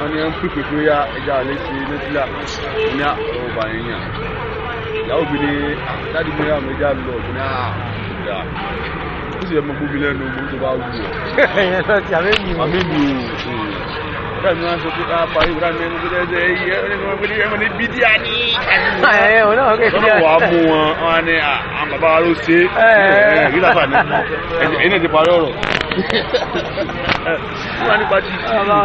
wọn ni ẹ ń ya ẹja àlẹ ṣe nẹfìlà ní àwọn ọba yẹn yàn ìyàwó mi ni dáàdi mi yà mí ẹja lọ ọdún náà ọdà ó sì yẹ mọ gbóbi lẹ́nu ogun tó bá wù ọ. ẹyẹ lọ mi o. mi o ọ̀rẹ́ mi wá sọ pé ká parí ìwúrà mi ẹni gbọ́dọ̀ ẹsẹ̀ ẹyí ẹni wọ́n gbé ẹni ní bídí àní. ẹ ò náà kò sí àná. wọ́n wàá wa ló ṣe é. ẹ ẹ ẹ ẹ ẹ ẹ ẹ ẹ ẹ ẹ ẹ ẹ ẹ ẹ ẹ ẹ wọ́n nípa jí ìfẹ́ máa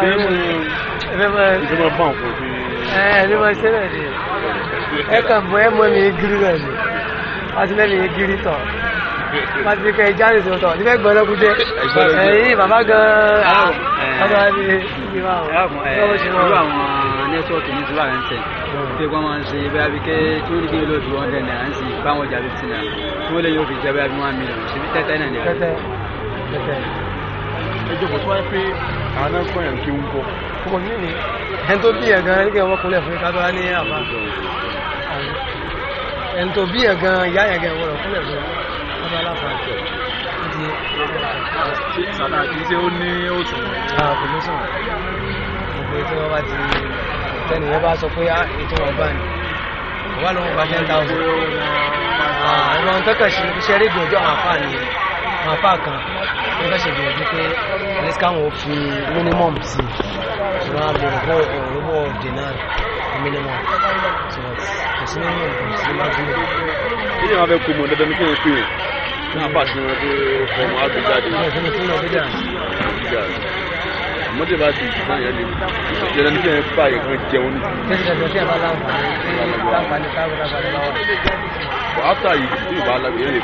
bá òkú bí. ẹ ní wọ́n ṣe náà ni ẹ kàn bọ́ ẹ mọ mi gírí náà ni wọ́n ti lẹ́nu yẹn gírí tán wọ́n ti kẹ́ ẹ jáde tó tán nífẹ̀ẹ́ gbọ́dọ̀ kú dé ẹ̀yìn bàbá gan-an ọba ni ibi máa wọ̀ ẹ irú àwọn nẹ́tíwọ́ọ̀kì ní ìtura rẹ̀ ń tẹ̀ pé wọ́n máa ń ṣe bí abike tí ó ní kí ló ju ọ̀dẹ̀ náà ń sì báwọn jà bí ti náà tí ó lè yóò fi jẹ́ bí abimọ́ àmì lọ́wọ́ ṣe bí tẹ́tẹ́ náà ni ẹjọ́ kò tó wáyé pé àwọn náà kọ́ yẹn kí ń kọ́. kò ní ní ẹni tó bí yẹn gan ní kí wọ́n kúnlẹ̀ fún ká tó wá ní àbá ẹni tó bí yẹn gan ìyá yẹn gan wọ́n kúnlẹ̀ fún ká tó wá láfa àjọ. sàdá kì í ṣe ó ní òsùn. kò ní sùn gbogbo tí wọ́n bá ti tẹ́ni ah, wọ́n bá sọ àwọn apá kan wọ́n fẹ́ ṣe ìgbìyànjú pé ẹlẹ́sì káwọn fi minimum sí i wọ́n á lè rọ́bọ̀ rọ́bọ̀ dènà minimum so kò sí minimum kò sí maximum. kí ni wọ́n fẹ́ kó mọ̀ dandan ní kí fi hàn ní apá tí wọ́n fi fọmọ àgbéjáde. wọ́n fi mi tún lọ àmọ́ tí bá ti sàn yẹn lè jẹ́rẹ́ ní kí wọ́n fà yẹn kan jẹun ní. kí ni ìjọba tí a bá láǹfààní láǹfààní táwọn láǹfààní bá wà áfítà yìí eh, tí ìbá lágbára èyí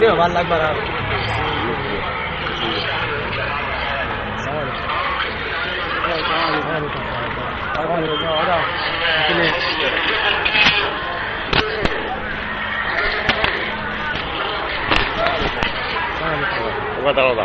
pé wọ́n bá wọn jẹun. tí ìbá lágbára. Guarda, guarda.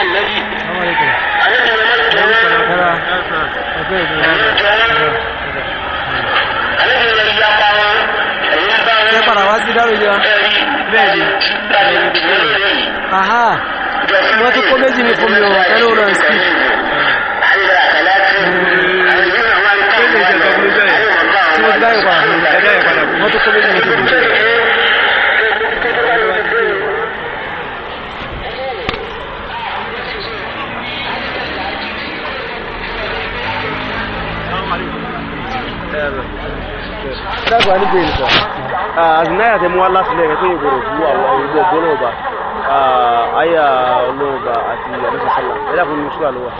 ànábì. ànábì ló máa ń jọ wọn. ànábì ló máa ń yapa wọn. ẹ̀yin bá wọn. ẹ padà wá sí dáròjọ. bẹ́ẹ̀ ni. wọ́n ti kó méjì ní fún mi o ẹni ò lọ sí. wọ́n ti kó méjì ní fún mi. dàgbà ní bẹ́ẹ̀ nìkan àgbìnáyà tẹ mú wá láti lẹ́yìn tó yìnbọn òkú àwọn ìgbọ̀ gbọ́nà ọba àyà ọlọ́ọ̀ba àti àdúgbò sọ́lá ẹ̀dá fún mi sùúrù àlọ́wà.